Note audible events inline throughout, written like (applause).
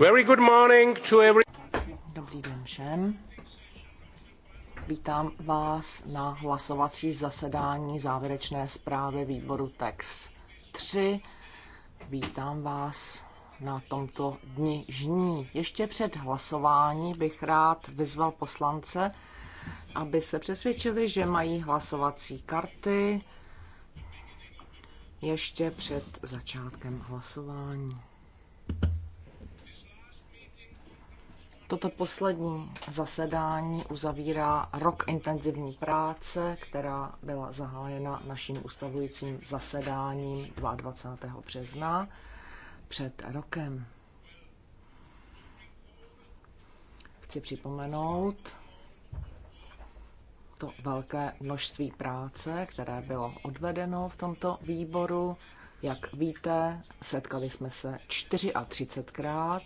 Very good morning to every... Dobrý den všem. Vítám vás na hlasovací zasedání závěrečné zprávy výboru TEX 3. Vítám vás na tomto dni žní. Ještě před hlasování bych rád vyzval poslance, aby se přesvědčili, že mají hlasovací karty ještě před začátkem hlasování. Toto poslední zasedání uzavírá rok intenzivní práce, která byla zahájena naším ustavujícím zasedáním 22. března před rokem. Chci připomenout to velké množství práce, které bylo odvedeno v tomto výboru. Jak víte, setkali jsme se 34krát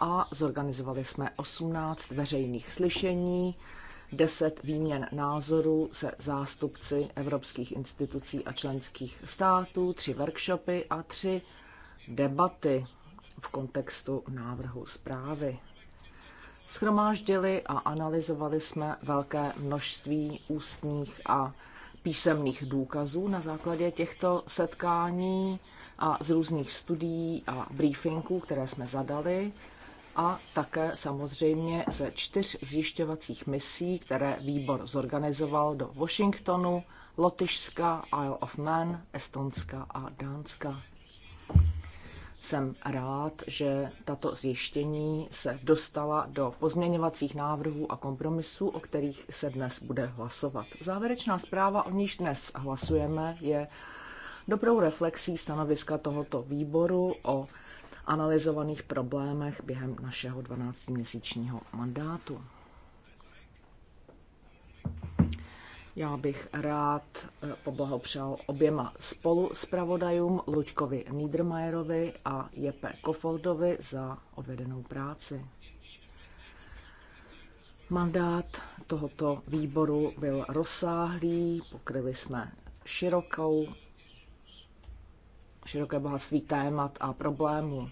a zorganizovali jsme 18 veřejných slyšení, 10 výměn názorů se zástupci evropských institucí a členských států, 3 workshopy a 3 debaty v kontextu návrhu zprávy. Schromáždili a analyzovali jsme velké množství ústních a písemných důkazů na základě těchto setkání a z různých studií a briefingů, které jsme zadali a také samozřejmě ze čtyř zjišťovacích misí, které výbor zorganizoval do Washingtonu, Lotyšska, Isle of Man, Estonska a Dánska. Jsem rád, že tato zjištění se dostala do pozměňovacích návrhů a kompromisů, o kterých se dnes bude hlasovat. Závěrečná zpráva, o níž dnes hlasujeme, je dobrou reflexí stanoviska tohoto výboru o analyzovaných problémech během našeho 12-měsíčního mandátu. Já bych rád eh, poblahopřál oběma spolu zpravodajům Luďkovi Niedermayerovi a Jepe Kofoldovi za odvedenou práci. Mandát tohoto výboru byl rozsáhlý, pokryli jsme širokou široké bohatství témat a problémů.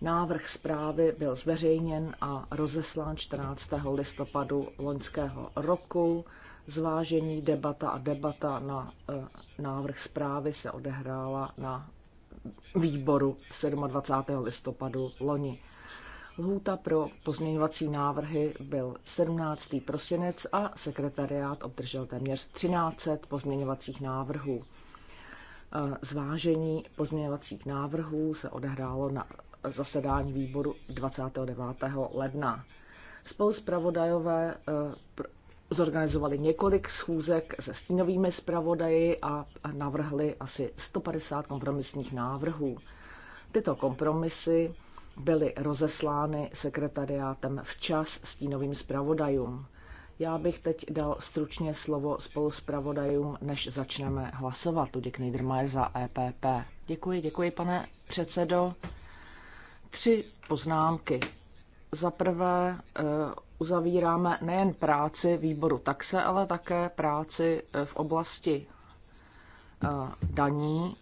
Návrh zprávy byl zveřejněn a rozeslán 14. listopadu loňského roku. Zvážení debata a debata na eh, návrh zprávy se odehrála na výboru 27. listopadu loni. Lhůta pro pozměňovací návrhy byl 17. prosinec a sekretariát obdržel téměř 13 pozměňovacích návrhů. Eh, zvážení pozměňovacích návrhů se odehrálo na zasedání výboru 29. ledna. Spolu zpravodajové eh, zorganizovali několik schůzek se stínovými zpravodaji a navrhli asi 150 kompromisních návrhů. Tyto kompromisy byly rozeslány sekretariátem včas stínovým zpravodajům. Já bych teď dal stručně slovo spolu s pravodajům, než začneme hlasovat. Luděk Niedermayer za EPP. Děkuji, děkuji, pane předsedo. Tři poznámky. Za prvé eh, uzavíráme nejen práci výboru taxe, ale také práci eh, v oblasti eh, daní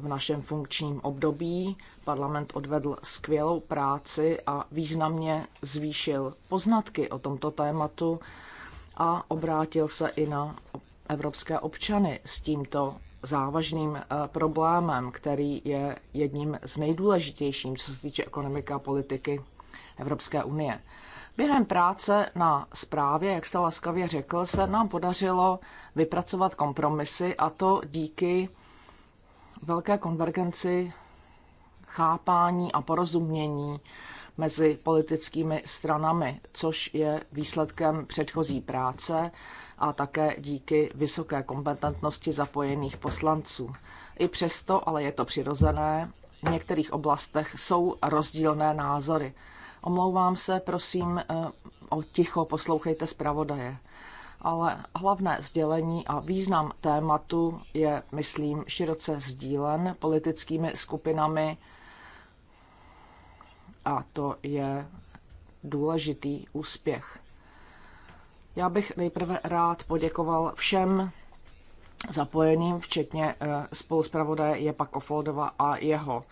v našem funkčním období. Parlament odvedl skvělou práci a významně zvýšil poznatky o tomto tématu a obrátil se i na evropské občany s tímto závažným eh, problémem, který je jedním z nejdůležitějším, co se týče ekonomiky a politiky Evropské unie. Během práce na zprávě, jak jste laskavě řekl, se nám podařilo vypracovat kompromisy a to díky velké konvergenci chápání a porozumění mezi politickými stranami, což je výsledkem předchozí práce a také díky vysoké kompetentnosti zapojených poslanců. I přesto, ale je to přirozené, v některých oblastech jsou rozdílné názory. Omlouvám se, prosím, eh, o ticho poslouchejte zpravodaje ale hlavné sdělení a význam tématu je, myslím, široce sdílen politickými skupinami a to je důležitý úspěch. Já bych nejprve rád poděkoval všem zapojeným, včetně eh, spoluzpravodaje Jepa Kofoldova a jeho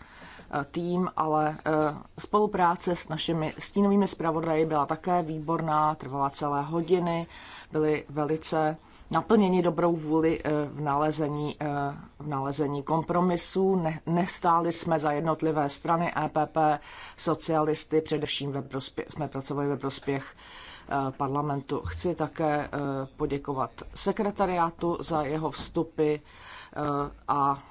Eh, tým, ale eh, spolupráce s našimi stínovými zpravodaji byla také výborná, trvala celé hodiny, byly velice naplněni dobrou vůli eh, v nalezení, v nalezení kompromisů. Ne, nestáli jsme za jednotlivé strany EPP, socialisty, především ve prospěch, jsme pracovali ve prospěch parlamentu. Chci také poděkovat sekretariátu za jeho vstupy a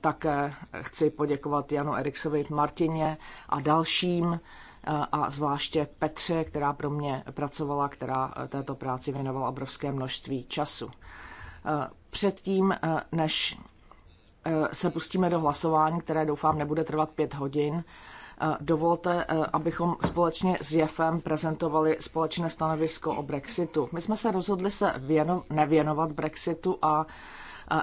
také chci poděkovat Janu Eriksovi, Martině a dalším eh, a zvláště Petře, která pro mě pracovala, která eh, této práci věnovala obrovské množství času. Eh, předtím, než se pustíme do hlasování, které doufám nebude trvat pět hodin, dovolte, abychom společně s JEFem prezentovali společné stanovisko o Brexitu. My jsme se rozhodli se věno- nevěnovat Brexitu a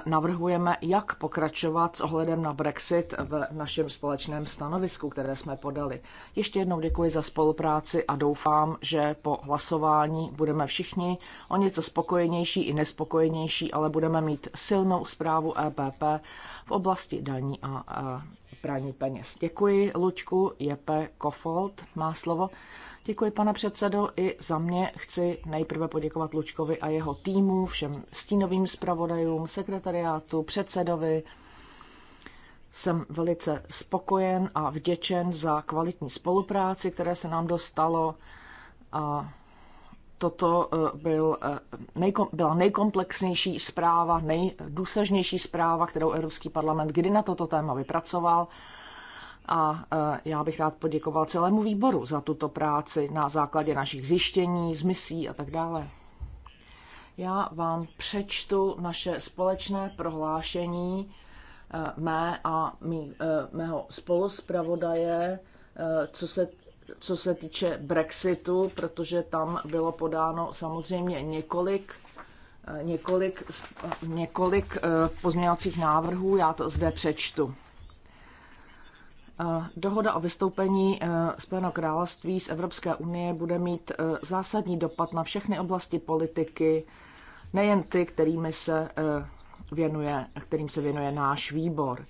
navrhujeme, jak pokračovat s ohledem na Brexit v našem společném stanovisku, které jsme podali. Ještě jednou děkuji za spolupráci a doufám, že po hlasování budeme všichni o něco spokojenější i nespokojenější, ale budeme mít silnou zprávu EPP v oblasti daní a praní peněz. Děkuji, Luďku, Jepe Kofold má slovo. Děkuji, pane předsedo, i za mě chci nejprve poděkovat Lučkovi a jeho týmu, všem stínovým zpravodajům, sekretariátu, předsedovi. Jsem velice spokojen a vděčen za kvalitní spolupráci, které se nám dostalo a toto eh, byl, eh, nejkom, byla nejkomplexnější zpráva, nejdůsažnější zpráva, kterou Evropský parlament kdy na toto téma vypracoval a e, já bych rád poděkoval celému výboru za tuto práci na základě našich zjištění, zmisí a tak dále. Já vám přečtu naše společné prohlášení e, mé a mý, e, mého spoluspravodaje, co se, co se týče Brexitu, protože tam bylo podáno samozřejmě několik několik, několik pozměňovacích návrhů, já to zde přečtu. Dohoda o vystoupení eh, Spojeného království z Evropské unie bude mít eh, zásadní dopad na všechny oblasti politiky, nejen ty, kterými se eh, věnuje, kterým se věnuje náš výbor.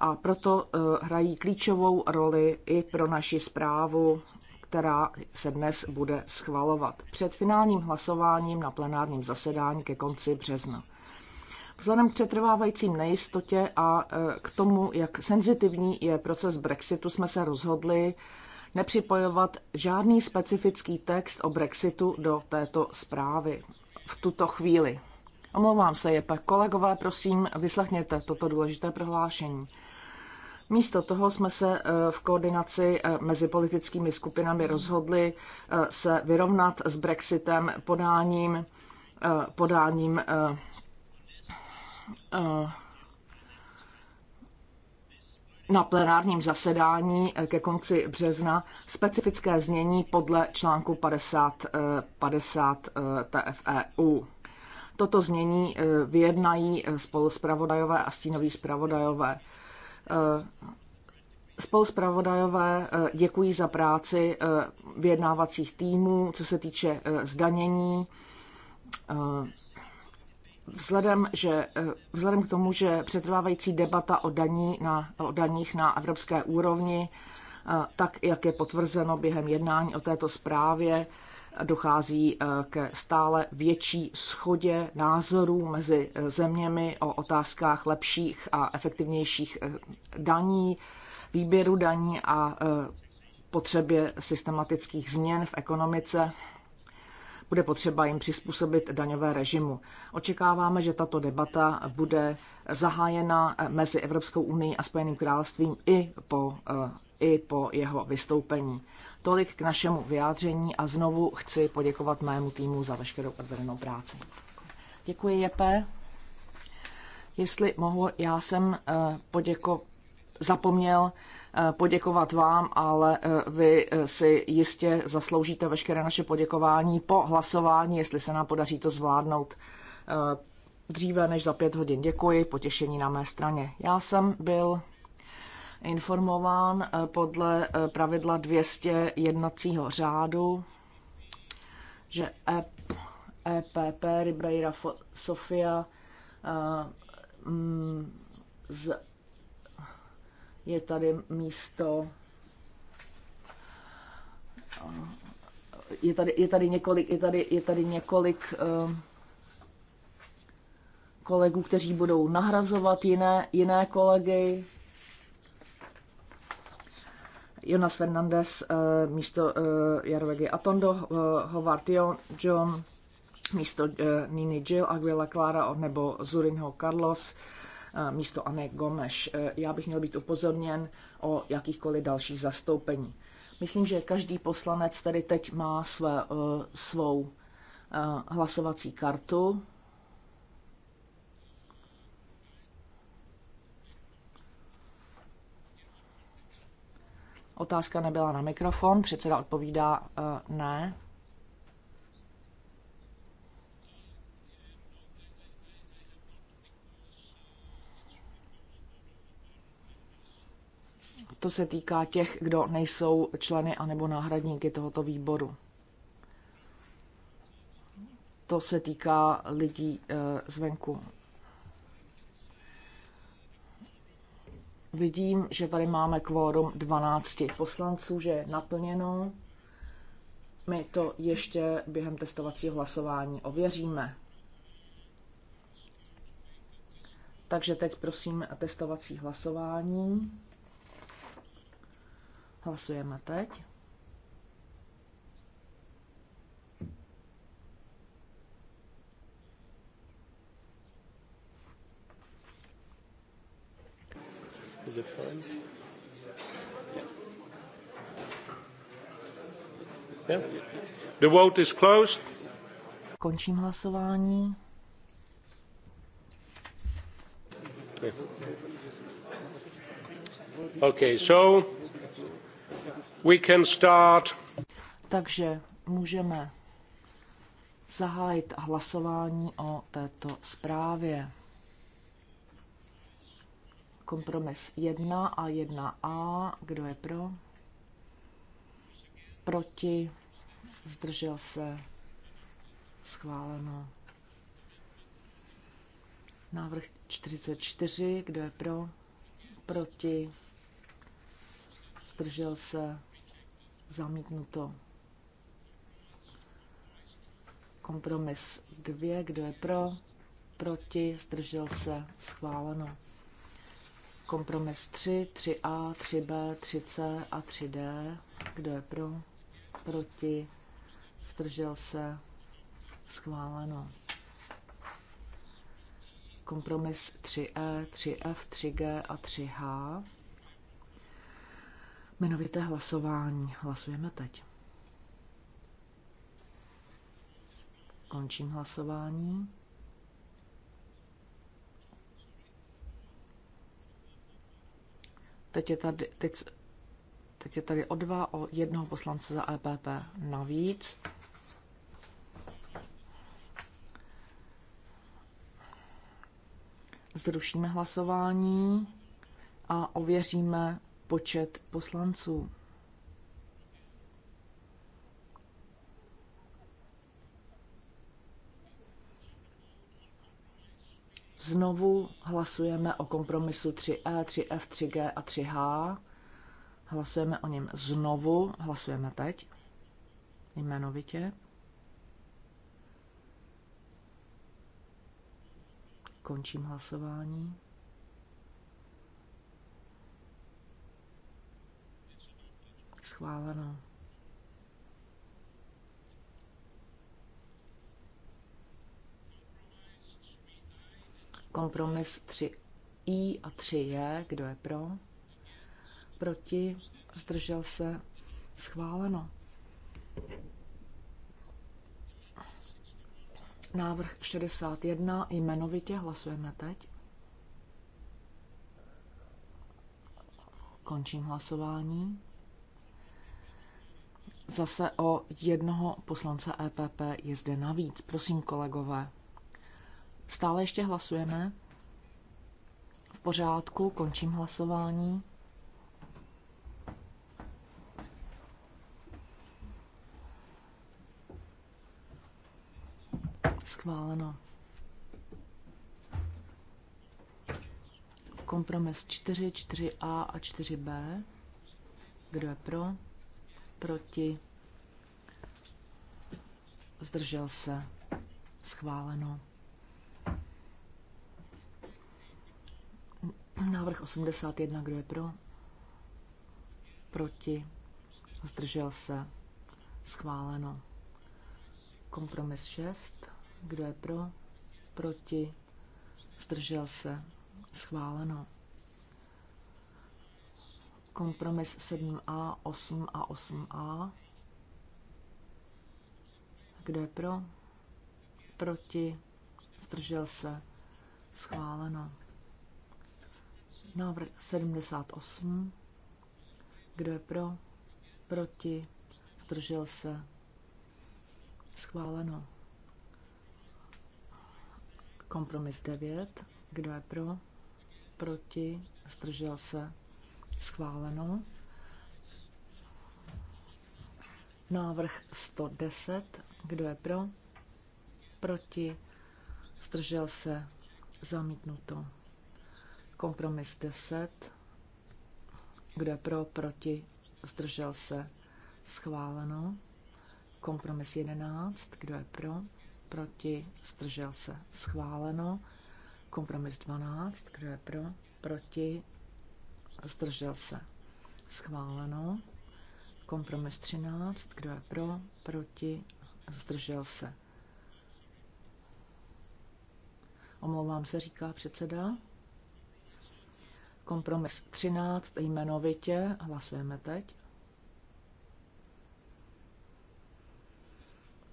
A proto hrají klíčovou roli i pro naši zprávu, která se dnes bude schvalovat před finálním hlasováním na plenárním zasedání ke konci března. Vzhledem k přetrvávajícím nejistotě a e, k tomu, jak senzitivní je proces Brexitu, jsme se rozhodli nepřipojovat žádný specifický text o Brexitu do této zprávy v tuto chvíli. Omlouvám se, je pak kolegové, prosím, vyslechněte toto důležité prohlášení. Místo toho jsme se e, v koordinaci e, mezi politickými skupinami rozhodli se vyrovnat s Brexitem podáním, podáním Eh, na plenárním zasedání eh, ke konci března specifické znění podle článku 50, 50 TFEU. Toto znění eh, vyjednají spoluspravodajové a stínoví spravodajové. Spoluspravodajové děkují za práci vyjednávacích týmů, co se týče zdanění Vzhledem, že, eh, vzhledem k tomu, že přetrvávající debata o, daní na, o daních na evropské úrovni, eh, tak jak je potvrzeno během jednání o této zprávě, dochází eh, ke stále větší schodě názorů mezi zeměmi o otázkách lepších a efektivnějších daní, výběru daní a potřebě systematických změn v ekonomice bude potřeba jim přizpůsobit daňové režimu. Očekáváme, že tato debata bude zahájena eh, mezi Evropskou unii a Spojeným královstvím i po, eh, i po jeho vystoupení. Tolik k našemu vyjádření a znovu chci poděkovat mému týmu za veškerou odvedenou práci. Děkuji, Jepe. Jestli mohu, já jsem eh, poděko, zapomněl Eh, poděkovat vám, ale eh, vy eh, si jistě zasloužíte veškeré naše poděkování po hlasování, jestli se nám podaří to zvládnout dříve než za pět hodin. Děkuji, potěšení na mé straně. Já jsem byl informován podle pravidla 200 jednacího řádu, že EPP Ribeira Sofia mm, z je tady místo eh, je tady, je tady několik, je tady, je tady několik eh, kolegů, kteří budou nahrazovat jiné, jiné kolegy. Jonas Fernandez eh, místo Jarvegy Atondo, Howard John místo Nini Jill, Aguila Clara nebo Zurinho Carlos místo Ané Gomeš. E, já bych měl být upozorněn o jakýchkoliv dalších zastoupení. Myslím, že každý poslanec tady teď má své, e, svou e, hlasovací kartu. Otázka nebyla na mikrofon, předseda odpovídá ne. to se týká těch, kdo nejsou členy anebo náhradníky tohoto výboru. To se týká lidí eh, zvenku. Vidím, že tady máme kvórum 12 poslanců, že je naplněno. My to ještě během testovacího hlasování ověříme. Takže teď prosím testovací hlasování. Hlasujeme teď. Is it fine? Yeah. The vote is closed. Končím hlasování. Okay, so takže můžeme zahájit hlasování o této zprávě. Kompromis 1 a 1a. Kdo je pro? Proti? Zdržel se? Schváleno. Návrh 44. Kdo je pro? Proti? Zdržel se? Zamítnuto. Kompromis 2. Kdo je pro? Proti? Zdržel se? Schváleno. Kompromis 3, 3A, 3B, 3C a 3D. Kdo je pro? Proti? Zdržel se? Schváleno kompromis 3E, 3F, 3G a 3H. Jmenovité hlasování. Hlasujeme teď. Končím hlasování. Teď je tady, teď, teď je tady o dva, o jednoho poslance za EPP navíc. Zrušíme hlasování a ověříme počet poslanců. Znovu hlasujeme o kompromisu 3E, 3F, 3G a 3H. Hlasujeme o něm znovu, hlasujeme teď jmenovitě. Končím hlasování. schváleno. Kompromis 3i a 3j, kdo je pro? Proti, zdržel se, schváleno. Návrh 61 jmenovitě hlasujeme teď. Končím hlasování zase o jednoho poslance EPP je zde navíc. Prosím, kolegové. Stále ještě hlasujeme. V pořádku, končím hlasování. Schváleno. Kompromis 4, 4a a 4b. Kdo je pro? proti, zdržel se, schváleno. Návrh 81, kdo je pro? Proti, zdržel se, schváleno. Kompromis 6, kdo je pro? Proti, zdržel se, schváleno. Kompromis 7a, 8 a 8a. Kdo je pro? Proti? Zdržel se? Schváleno. Návrh 78. Kdo je pro? Proti? Zdržel se? Schváleno. Kompromis 9. Kdo je pro? Proti? Zdržel se? Schváleno. Návrh 110. Kdo je pro? Proti? Zdržel se? Zamítnuto. Kompromis 10. Kdo je pro? Proti? Zdržel se? Schváleno. Kompromis 11. Kdo je pro? Proti? Zdržel se? Schváleno. Kompromis 12. Kdo je pro? Proti? zdržel se. Schváleno. Kompromis 13, kdo je pro, proti, zdržel se. Omlouvám se, říká předseda. Kompromis 13 jmenovitě hlasujeme teď.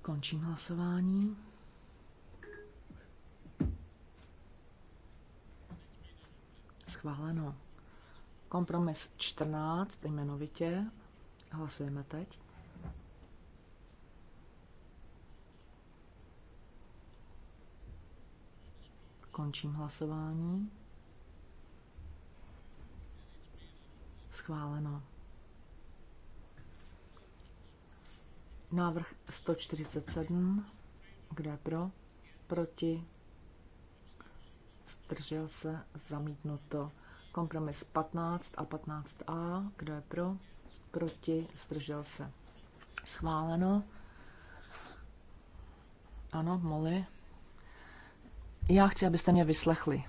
Končím hlasování. Schváleno. Kompromis 14 jmenovitě. Hlasujeme teď. Končím hlasování. Schváleno. Návrh 147. Kdo je pro? Proti? Zdržel se? Zamítnuto. Kompromis 15 a 15a. Kdo je pro? Proti? Zdržel se. Schváleno. Ano, Molly. Já chci, abyste mě vyslechli.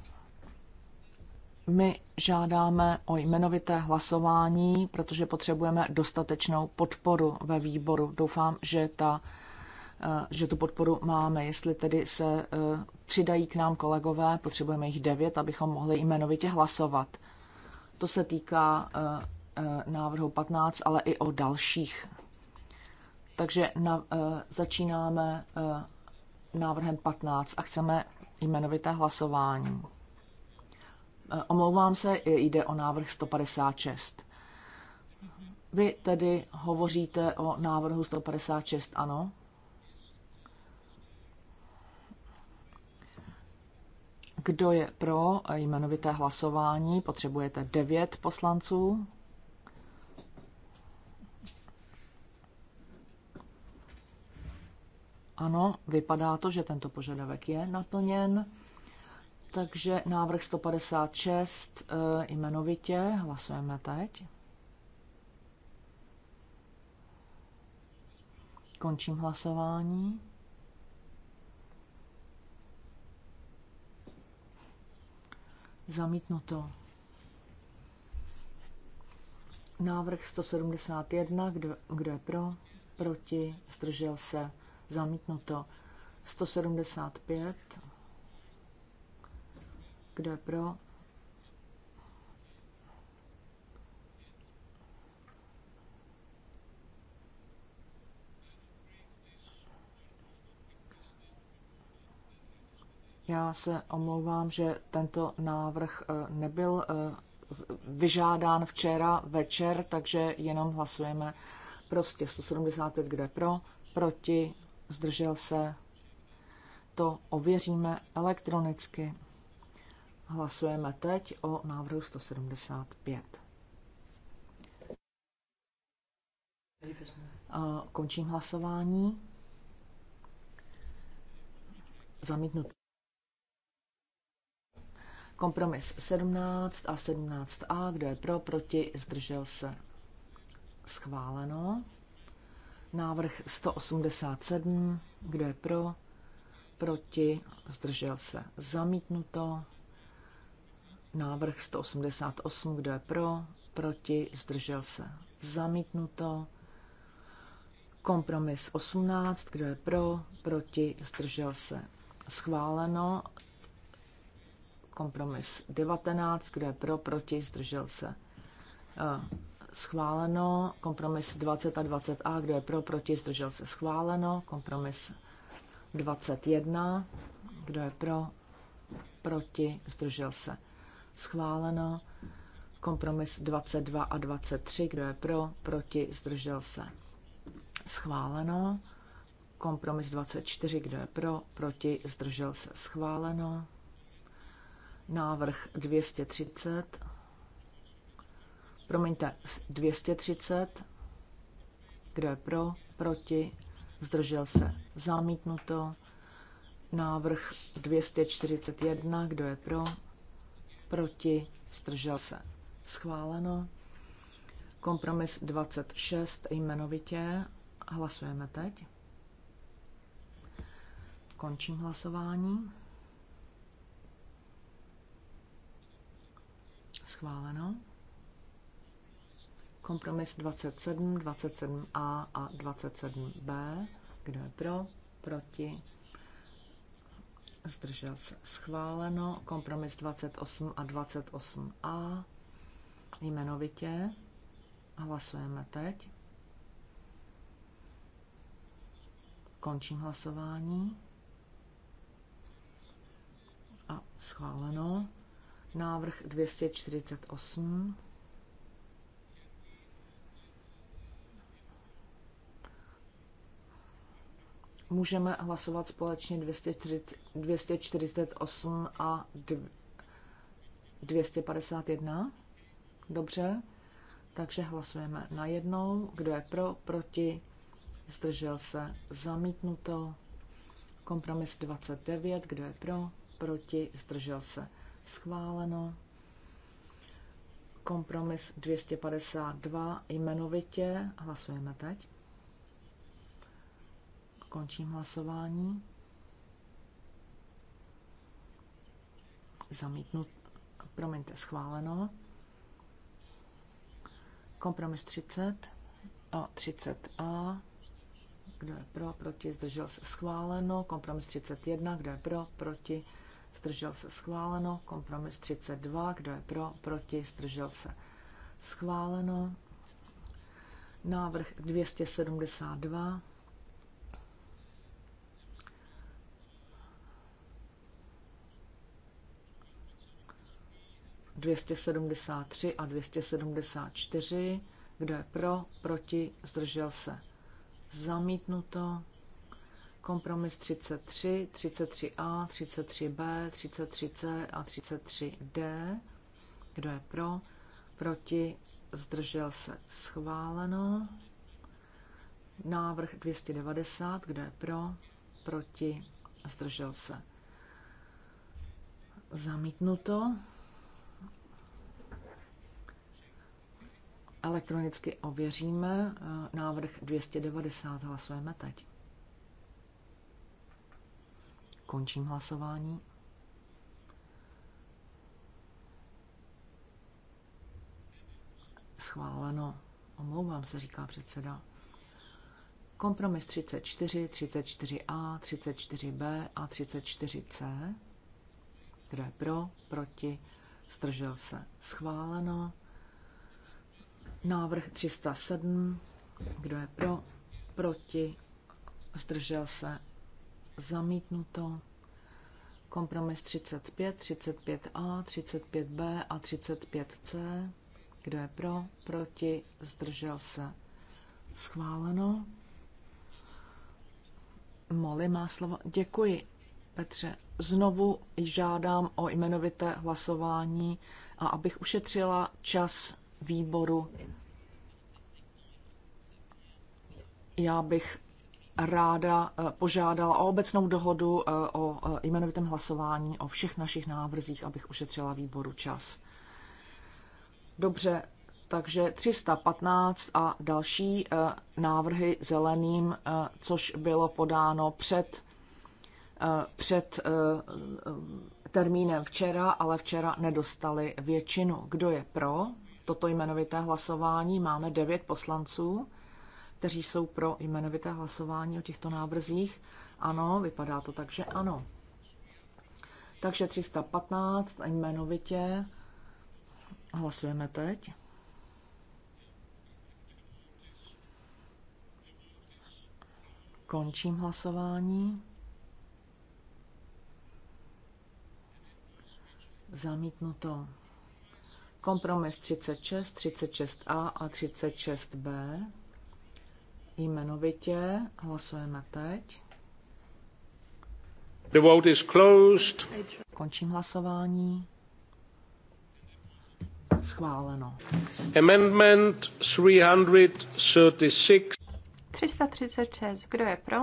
My žádáme o jmenovité hlasování, protože potřebujeme dostatečnou podporu ve výboru. Doufám, že ta že tu podporu máme. Jestli tedy se e, přidají k nám kolegové, potřebujeme jich devět, abychom mohli jmenovitě hlasovat. To se týká e, e, návrhu 15, ale i o dalších. Takže na, začínáme návrhem 15 a chceme jmenovité hlasování. Omlouvám se, jde o návrh 156. Vy tedy hovoříte o návrhu 156, ano? Kdo je pro jmenovité hlasování? Potřebujete devět poslanců. Ano, vypadá to, že tento požadavek je naplněn. Takže návrh 156 eh, jmenovitě hlasujeme teď. Končím hlasování. Zamítnuto. Návrh 171, kdo, kdo je pro? Proti? Zdržel se? Zamítnuto. 175, kdo je pro? Já se omlouvám, že tento návrh e, nebyl e, vyžádán včera večer, takže jenom hlasujeme prostě 175, kde pro, proti, zdržel se. To ověříme elektronicky. Hlasujeme teď o návrhu 175. Končím hlasování. Zamítnuto. Kompromis 17 a 17a, kdo je pro, proti, zdržel se. Schváleno. Návrh 187, kdo je pro, proti, zdržel se. Zamítnuto. Návrh 188, kdo je pro, proti, zdržel se. Zamítnuto. Kompromis 18, kdo je pro, proti, zdržel se. Schváleno Kompromis 19, eh, kdo je pro, proti, zdržel se. Schváleno. Kompromis 20 a 20a, kdo je pro, proti, zdržel se. Schváleno. Kompromis 21, kdo je pro, proti, zdržel se. Schváleno. Kompromis 22 a 23, kdo je pro, proti, zdržel se. Schváleno. Kompromis 24, kdo je pro, proti, zdržel se. Schváleno. Návrh 230. Promiňte, 230. Kdo je pro? Proti? Zdržel se? Zamítnuto. Návrh 241. Kdo je pro? Proti? Zdržel se? Schváleno. Kompromis 26 jmenovitě. Hlasujeme teď. Končím hlasování. Schváleno. Kompromis 27, 27a a 27b. Kdo je pro? Proti? Zdržel se. Schváleno. Kompromis 28 a 28a. Jmenovitě. Hlasujeme teď. Končím hlasování. A schváleno. Návrh 248. Můžeme hlasovat společně 248 a 251. Dobře, takže hlasujeme na jednou. Kdo je pro, proti, zdržel se, zamítnuto. Kompromis 29, kdo je pro, proti, zdržel se, schváleno. Kompromis 252 jmenovitě. Hlasujeme teď. Končím hlasování. Zamítnut, promiňte, schváleno. Kompromis 30 a 30a. Kdo je pro, proti, zdržel se schváleno. Kompromis 31, kdo je pro, proti, zdržel se schváleno, kompromis 32, kdo je pro, proti, zdržel se schváleno, návrh 272, Dvěstě sedmdesát tři a dvěstě sedmdesát čtyři. Kdo je pro, proti, zdržel se. Zamítnuto kompromis 33, 33a, 33b, 33c a 33d. Kdo je pro? Proti? Zdržel se? Schváleno. Návrh 290. Kdo je pro? Proti? Zdržel se? Zamítnuto. Elektronicky ověříme eh, návrh 290. Hlasujeme teď. Končím hlasování. Schváleno. Omlouvám se, říká předseda. Kompromis 34, 34a, 34b a 34c. Kdo je pro, proti, zdržel se. Schváleno. Návrh 307. Kdo je pro, proti, zdržel se zamítnuto. Kompromis 35, 35a, 35b a 35c. Kdo je pro, proti, zdržel se. Schváleno. Moli má slovo. Děkuji, Petře. Znovu žádám o jmenovité hlasování a abych ušetřila čas výboru, já bych ráda eh, požádala o obecnou dohodu eh, o eh, jmenovitém hlasování o všech našich návrzích, abych ušetřila výboru čas. Dobře, takže 315 a další návrhy zeleným, což bylo podáno před, před termínem včera, ale včera nedostali většinu. Kdo je pro toto jmenovité hlasování? Máme 9 poslanců kteří jsou pro jmenovité hlasování o těchto návrzích? Ano, vypadá to tak, že ano. Takže 315 jmenovitě hlasujeme teď. Končím hlasování. Zamítnuto. Kompromis 36, 36a a 36b jmenovitě. Hlasujeme teď. The vote is closed. Končím hlasování. Schváleno. Amendment 336. 336. Kdo je pro?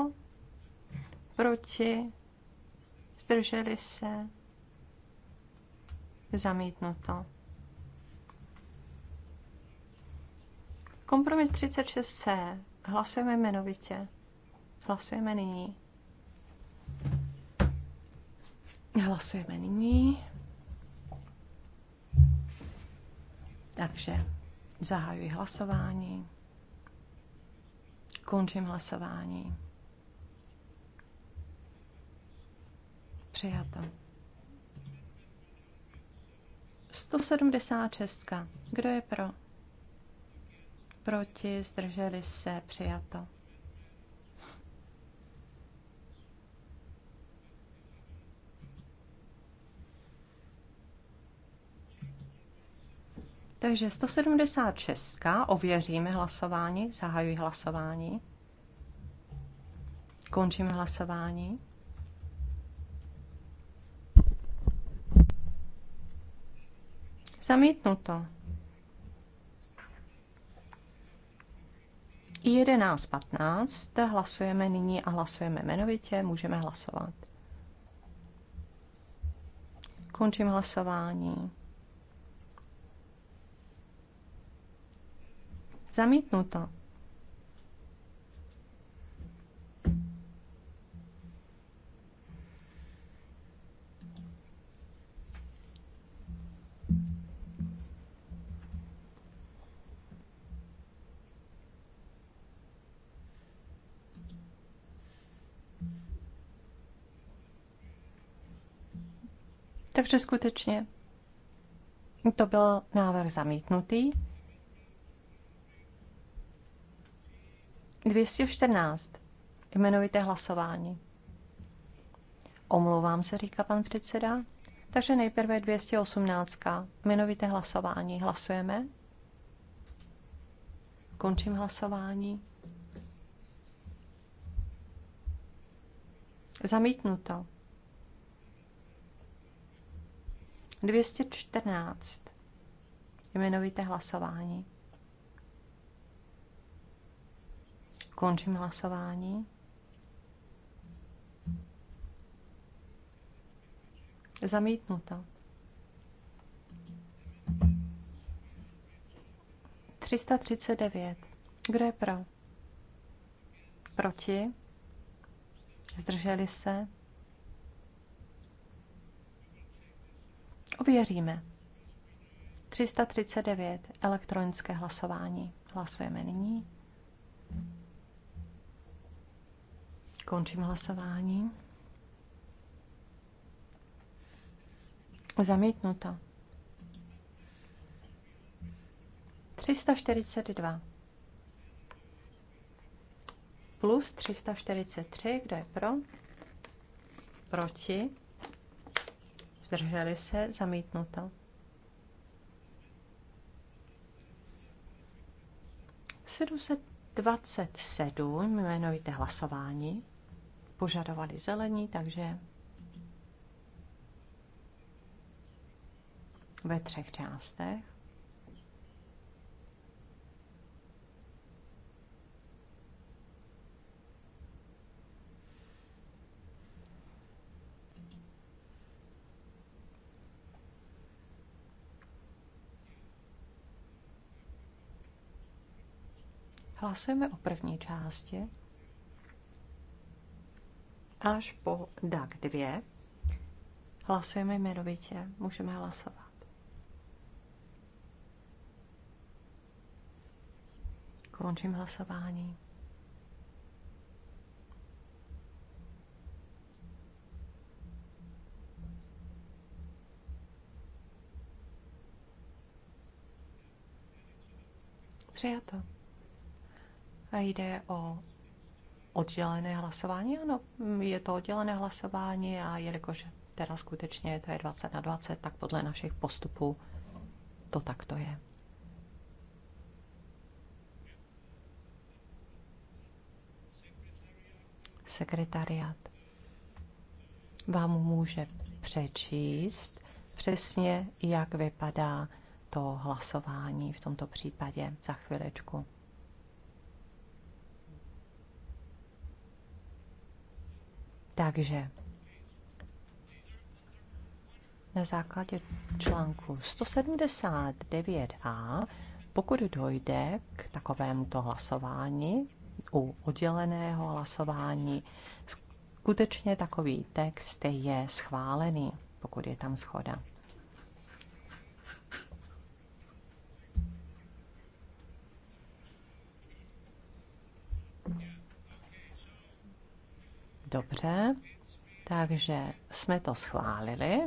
Proti? Zdrželi se? Zamítnuto. Kompromis 36C. Hlasujeme jmenovitě. Hlasujeme nyní. Hlasujeme nyní. Takže zahajuji hlasování. Končím hlasování. Přijato. 176. Kdo je pro? proti, zdrželi se, přijato. Takže 176. Ověříme hlasování. Zahajuji hlasování. Končím hlasování. Zamítnuto. 11.15 hlasujeme nyní a hlasujeme jmenovitě, můžeme hlasovat. Končím hlasování. Zamítnuto. Takže skutečně to byl návrh zamítnutý. 214. Jmenovité hlasování. Omlouvám se, říká pan předseda. Takže nejprve 218. Jmenovité hlasování. Hlasujeme. Končím hlasování. Zamítnuto. 214. Jmenovité hlasování. Končím hlasování. Zamítnuto. 339. Kdo je pro? Proti? Zdrželi se? Ověříme. 339 elektronické hlasování. Hlasujeme nyní. Končím hlasování. Zamítnuto. 342 plus 343, kdo je pro? Proti? zdrželi se, zamítnuto. 727 jmenovité hlasování požadovali zelení, takže ve třech částech. Hlasujeme o první části až po DAG 2. Hlasujeme jmenovitě, můžeme hlasovat. Končím hlasování. Přijato. Jde o oddělené hlasování, ano, je to oddělené hlasování a jelikož teda skutečně to je 20 na 20, tak podle našich postupů to takto je. Sekretariat vám může přečíst přesně, jak vypadá to hlasování v tomto případě za chvilečku. Takže na základě článku 179a, pokud dojde k takovémuto hlasování, u odděleného hlasování, skutečně takový text je schválený, pokud je tam schoda. Dobře, takže jsme to schválili.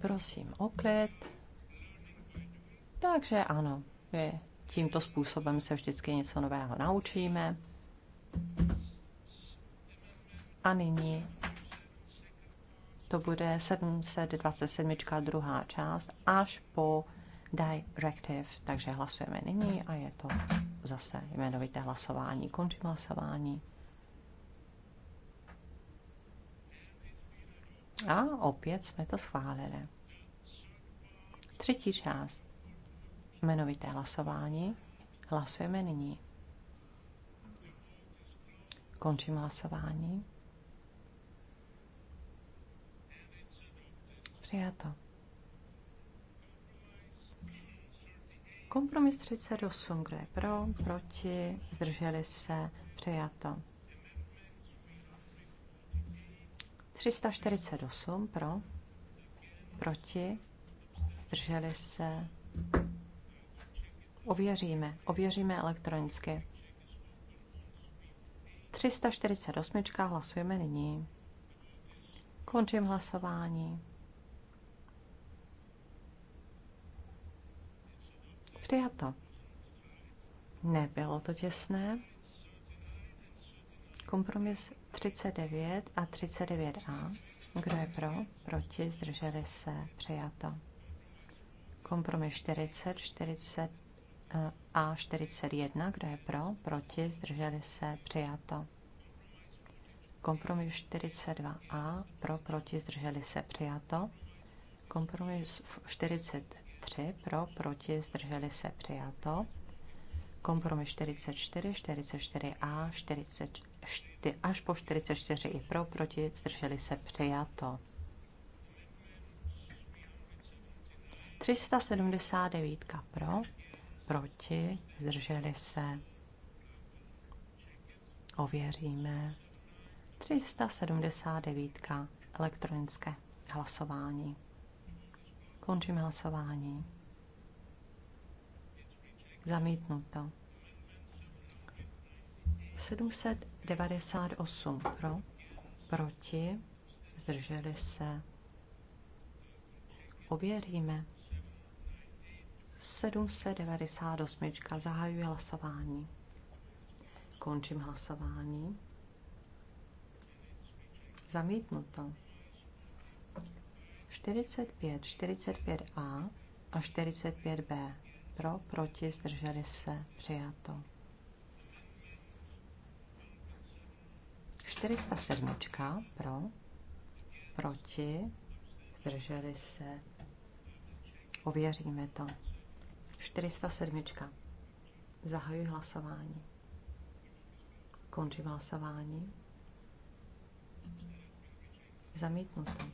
Prosím o klid. Takže ano, je, tímto způsobem se vždycky něco nového naučíme. A nyní to bude 727. druhá část až po directive, takže hlasujeme nyní a je to zase jmenovité hlasování. Končím hlasování. A opět jsme to schválili. Třetí část. Jmenovité hlasování. Hlasujeme nyní. Končím hlasování. Přijato. Kompromis 38, kdo je pro, proti, zdrželi se, přijato. 348 pro, proti, zdrželi se. Ověříme, ověříme elektronicky. 348 hlasujeme nyní. Končím hlasování. Přijato. Nebylo to těsné. Kompromis 39 a 39a. Kdo je pro? Proti? Zdrželi se? Přijato. Kompromis 40, 40 eh, a 41. Kdo je pro? Proti? Zdrželi se? Přijato. Kompromis 42a. Pro? Proti? Zdrželi se? Přijato. Kompromis 43. Pro? Proti? Zdrželi se? Přijato. Kompromis 44, 44a, 40 až po 44 i pro, proti, zdrželi se přijato. 379 pro, proti, zdrželi se. Ověříme. 379 elektronické hlasování. Končím hlasování. Zamítnuto. 700 98 pro, proti, zdrželi se. Ověříme. 798. Zahajuji hlasování. Končím hlasování. Zamítnuto. 45, 45A a 45B. Pro, proti, zdrželi se, přijato. 407 pro, proti, zdrželi se, ověříme to. 407. Zahajuji hlasování. Končím hlasování. Zamítnuto.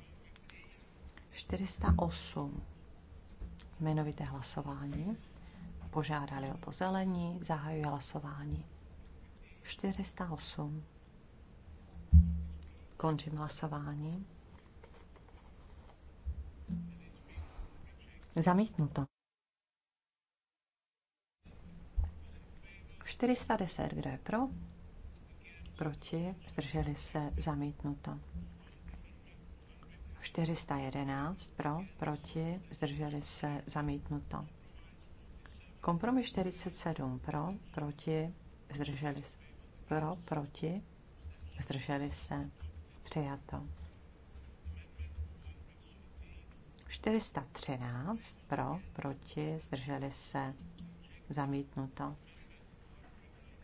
408. Jmenovité hlasování. Požádali o pozelení. Zahajuji hlasování. 408. Končím hlasování. Zamítnuto. 410, kdo je pro? Proti, zdrželi se, zamítnuto. 411, pro, proti, zdrželi se, zamítnuto. Kompromis 47, pro, proti, zdrželi se, pro, proti, zdrželi se, Přijato. 413 pro, proti, zdrželi se, zamítnuto.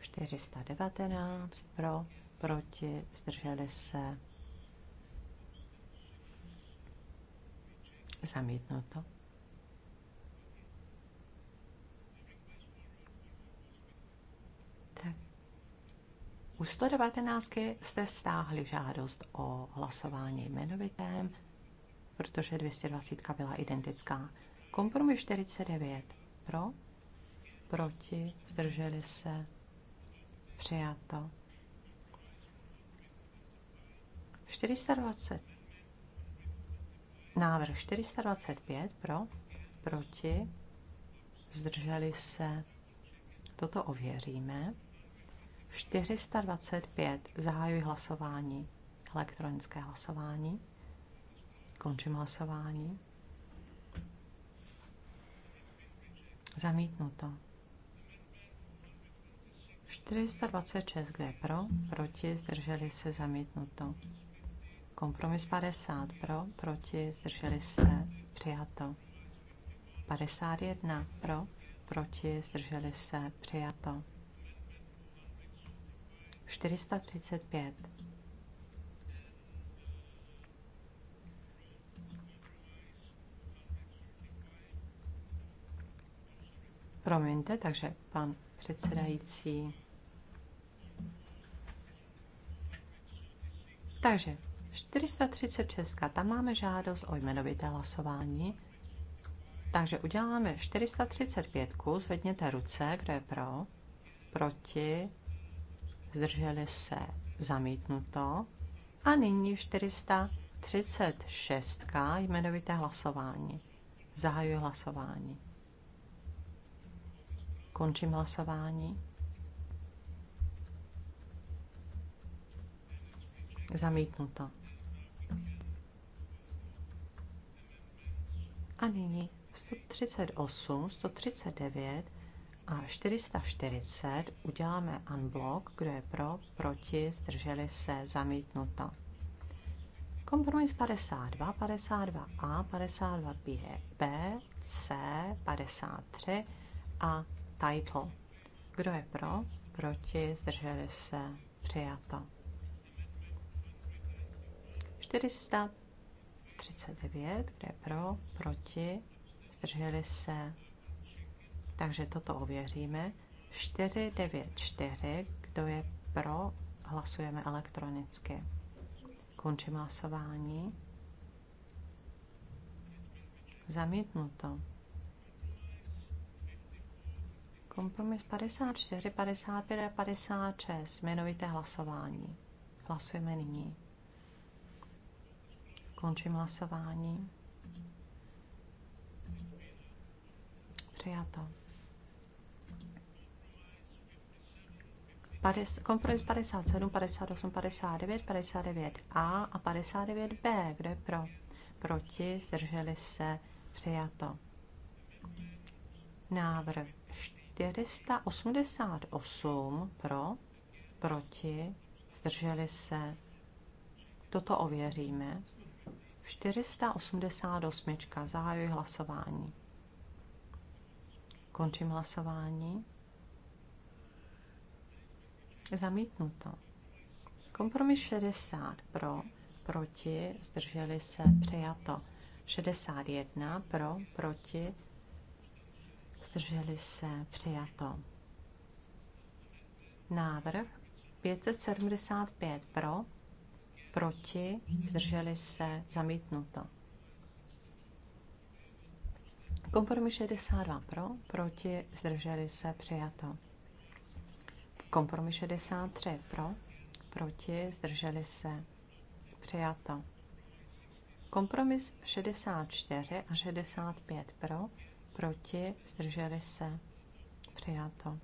419 pro, proti, zdrželi se, zamítnuto. U 119 jste stáhli žádost o hlasování jmenovitém, protože 220 byla identická. Kompromis 49 pro, proti, zdrželi se, přijato. 420. Návrh 425 pro, proti, zdrželi se. Toto ověříme. 425. Zahajuji hlasování. Elektronické hlasování. Končím hlasování. Zamítnuto. 426, kde je pro, proti, zdrželi se, zamítnuto. Kompromis 50, pro, proti, zdrželi se, přijato. 51, pro, proti, zdrželi se, přijato. 435. Promiňte, takže pan předsedající. Takže 436, tam máme žádost o jmenovité hlasování. Takže uděláme 435, zvedněte ruce, kdo je pro, proti, zdrželi se, zamítnuto. A nyní 436 jmenovité hlasování. Zahajuji hlasování. Končím hlasování. Zamítnuto. A nyní 138, 139, a 440 uděláme unblock, kdo je pro, proti, zdrželi se, zamítnuto. Kompromis 52, 52a, 52b, b, c, 53 a title. Kdo je pro, proti, zdrželi se, přijato. 439, kde je pro, proti, zdrželi se, takže toto ověříme. 494, kdo je pro, hlasujeme elektronicky. Končím hlasování. Zamítnuto. Kompromis 54, 55 a 56. Jmenovité hlasování. Hlasujeme nyní. Končím hlasování. Přijato. 50, kompromis 57, 58, 59, 59a a 59b. Kdo je pro? Proti? Zdrželi se? Přijato. Návrh 488 pro, proti, zdrželi se. Toto ověříme. 488. Zahajuji hlasování. Končím hlasování. Zamítnuto. Kompromis 60 pro, proti, zdrželi se, přijato. 61 pro, proti, zdrželi se, přijato. Návrh 575 pro, proti, zdrželi se, zamítnuto. Kompromis 62 pro, proti, zdrželi se, přijato. Kompromis 63 pro, proti, zdrželi se, přijato. Kompromis 64 a 65 pro, proti, zdrželi se, přijato.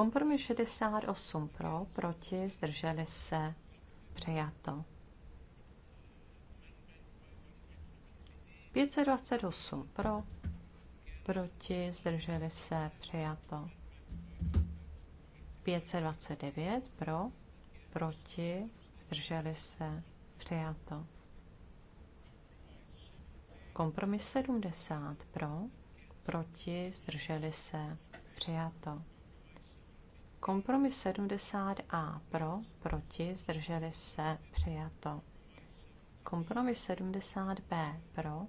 Kompromis 68 pro, proti, zdrželi se, přijato. 528 pro, proti, zdrželi se, přijato. 529 pro, proti, zdrželi se, přijato. Kompromis 70 pro, proti, zdrželi se, přijato. Kompromis 70A pro, proti, zdrželi se, přijato. Kompromis 70B pro,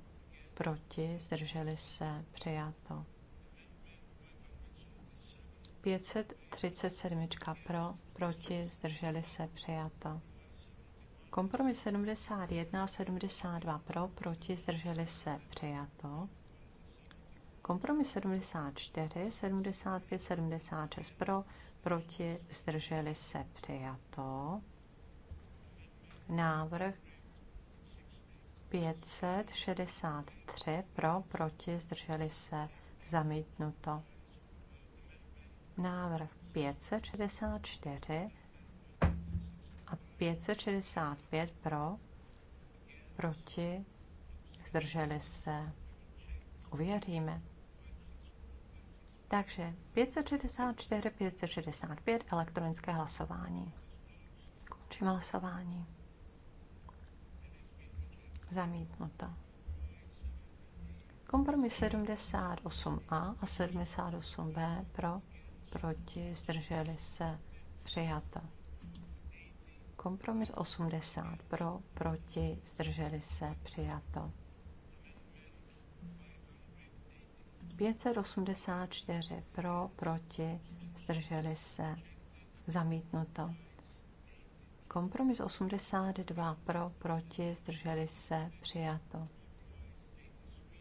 proti, zdrželi se, přijato. 537 pro, proti, zdrželi se, přijato. Kompromis 71 a 72 pro, proti, zdrželi se, přijato. Kompromis 74, 75, 76 pro, proti, zdrželi se přijato. Návrh 563 pro, proti, zdrželi se zamítnuto. Návrh 564 a 565 pro, proti, zdrželi se. Uvěříme. Takže 564, 565 elektronické hlasování. Končím hlasování. Zamítnuto. Kompromis 78a a 78b pro, proti, zdrželi se, přijato. Kompromis 80 pro, proti, zdrželi se, přijato. 584 pro, proti, zdrželi se, zamítnuto. Kompromis 82 pro, proti, zdrželi se, přijato.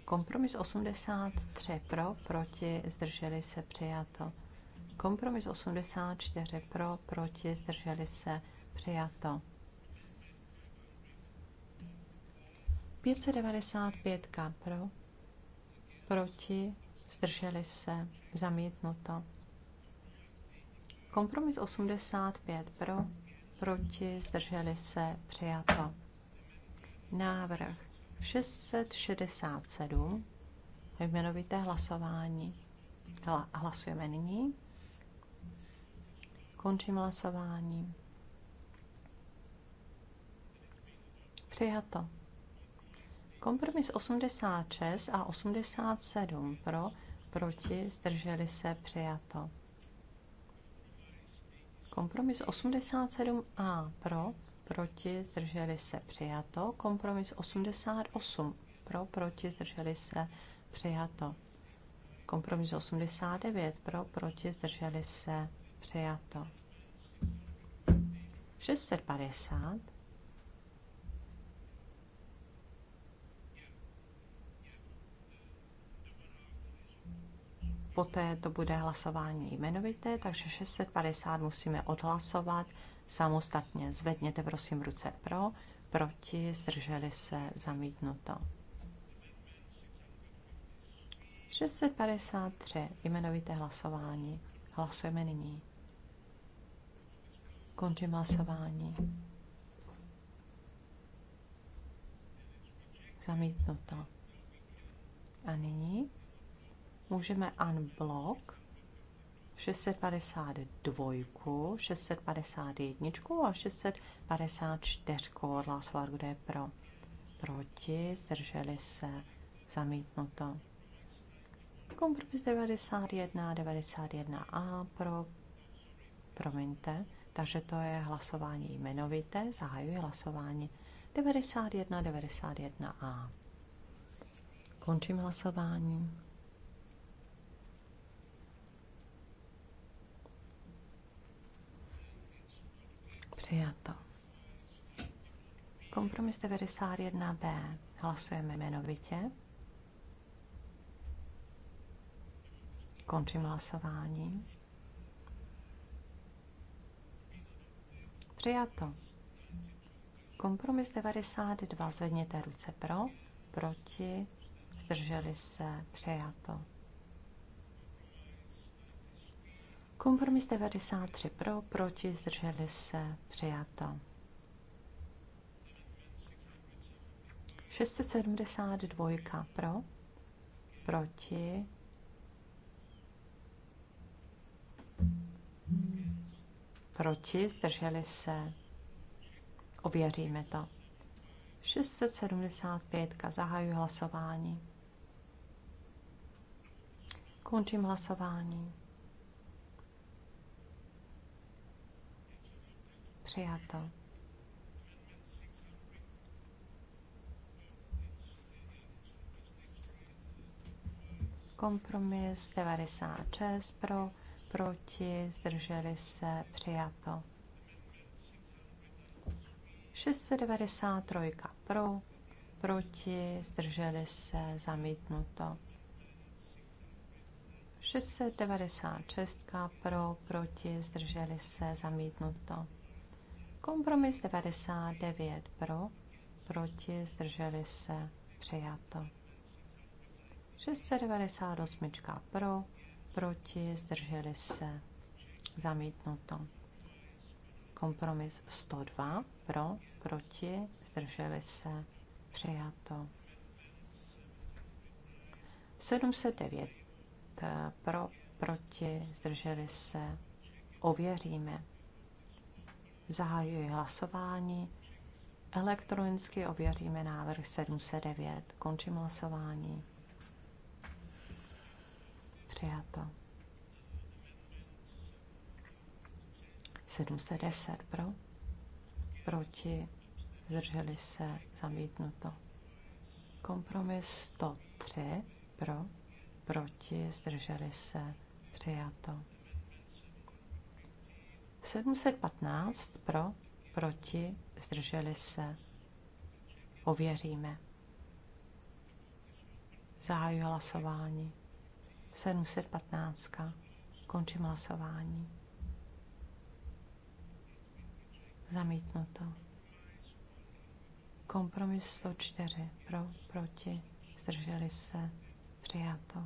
Kompromis 83 pro, proti, zdrželi se, přijato. Kompromis 84 pro, proti, zdrželi se, přijato. 595 pro, proti, zdrželi se, zamítnuto. Kompromis 85 pro, proti, zdrželi se, přijato. Návrh 667, jmenovité hlasování. Hla, hlasujeme nyní. Končím hlasování. Přijato. Kompromis 86 a 87 pro, proti, zdrželi se, přijato. Kompromis 87a pro, proti, zdrželi se, přijato. Kompromis 88 pro, proti, zdrželi se, přijato. Kompromis 89 pro, proti, zdrželi se, přijato. 650 poté to bude hlasování jmenovité, takže 650 musíme odhlasovat samostatně. Zvedněte prosím ruce pro, proti, zdrželi se, zamítnuto. 653 jmenovité hlasování. Hlasujeme nyní. Končím hlasování. Zamítnuto. A nyní můžeme unblock 652, 651 a 654 odhlasovat, kde je pro. Proti, zdrželi se, zamítnuto. Kompromis 91, 91a pro, promiňte, takže to je hlasování jmenovité, zahajuji hlasování 91, 91a. Končím hlasování. Přijato. Kompromis 91b. Hlasujeme jmenovitě. Končím hlasování. Přijato. Kompromis 92. Zvedněte ruce pro, proti, zdrželi se, přijato. Kompromis 93 pro, proti, zdrželi se, přijato. 672 pro, proti, proti, zdrželi se, ověříme to. 675, zahajuji hlasování. Končím hlasování. Přijato. Kompromis 96 pro, proti, zdrželi se, přijato. 693 pro, proti, zdrželi se, zamítnuto. 696 pro, proti, zdrželi se, zamítnuto. Kompromis 99 pro, proti, zdrželi se, přijato. 698 pro, proti, zdrželi se, zamítnuto. Kompromis 102 pro, proti, zdrželi se, přijato. 709 eh, pro, proti, zdrželi se, ověříme. Zahajuji hlasování. Elektronicky ověříme návrh 709. Končím hlasování. Přijato. 710 pro, proti, zdrželi se, zamítnuto. Kompromis 103 pro, proti, zdrželi se, přijato. 715 pro, proti, zdrželi se. Ověříme. Zahajuji hlasování. 715. Končím hlasování. Zamítnuto. Kompromis 104. Pro, proti, zdrželi se. Přijato.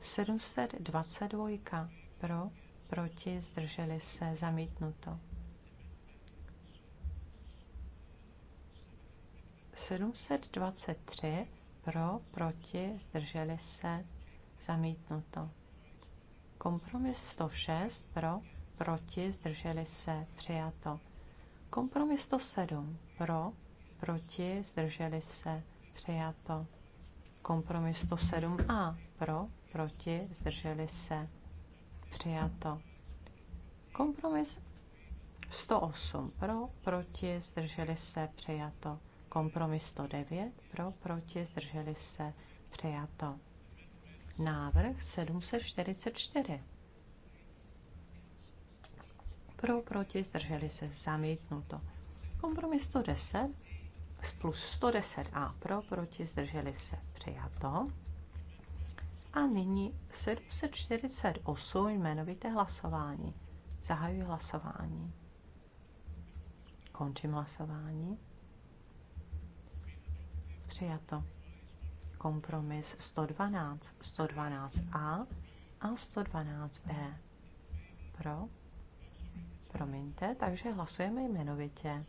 722. Pro, proti, zdrželi se, zamítnuto. 723 pro, proti, zdrželi se, zamítnuto. Kompromis 106 pro, proti, zdrželi se, přijato. Kompromis 107 pro, proti, zdrželi se, přijato. Kompromis 107a pro, proti, zdrželi se, Přijato. Kompromis 108 pro, proti, zdrželi se, přijato. Kompromis 109 pro, proti, zdrželi se, přijato. Návrh 744. Pro, proti, zdrželi se, zamítnuto. Kompromis 110 plus 110a pro, proti, zdrželi se, přijato. A nyní 748 jmenovité hlasování. Zahajuji hlasování. Končím hlasování. Přijato. Kompromis 112, 112a a 112b. Pro. Promiňte, takže hlasujeme jmenovitě.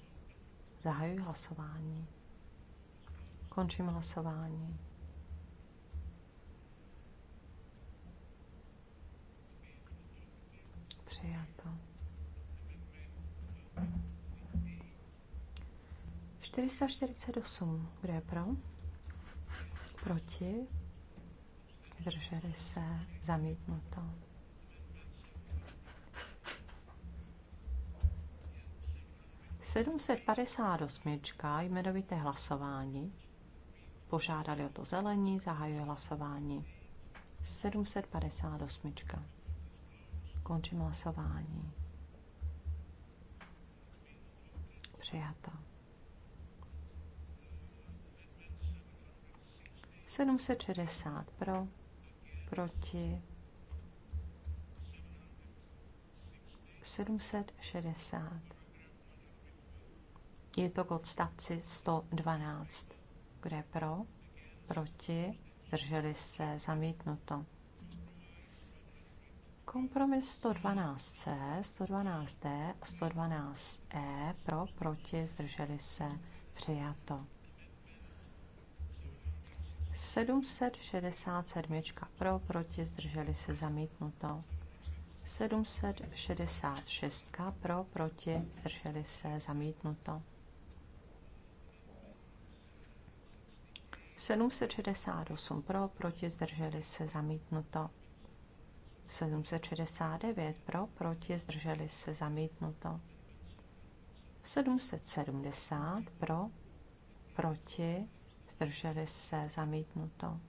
Zahajuji hlasování. Končím hlasování. Přijato. 448. Kdo je pro? Proti? Zdrželi se? Zamítnuto. Sedmset padesát osmička, jmenovité hlasování. Požádali o to zelení, zahajuje hlasování. 758. Končím hlasování. Přijata. 760 pro, proti 760. Je to k odstavci 112, kde pro, proti, drželi se, zamítnuto. Kompromis 112C, 112D, 112E pro, proti, zdrželi se, přijato. 767 pro, proti, zdrželi se, zamítnuto. 766 pro, proti, zdrželi se, zamítnuto. 768 pro, proti, zdrželi se, zamítnuto. 769 pro, proti, zdrželi se zamítnuto. 770 pro, proti, zdrželi se zamítnuto.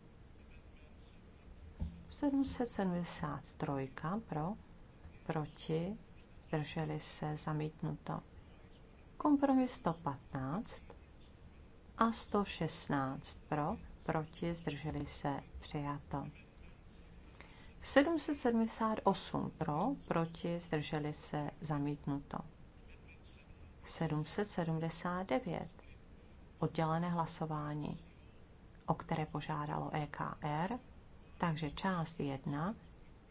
773 pro, proti, zdrželi se zamítnuto. Kompromis 115 a 116 pro, proti, zdrželi se přijato. 778 pro, proti, zdrželi se, zamítnuto. 779 oddělené hlasování, o které požádalo EKR, takže část 1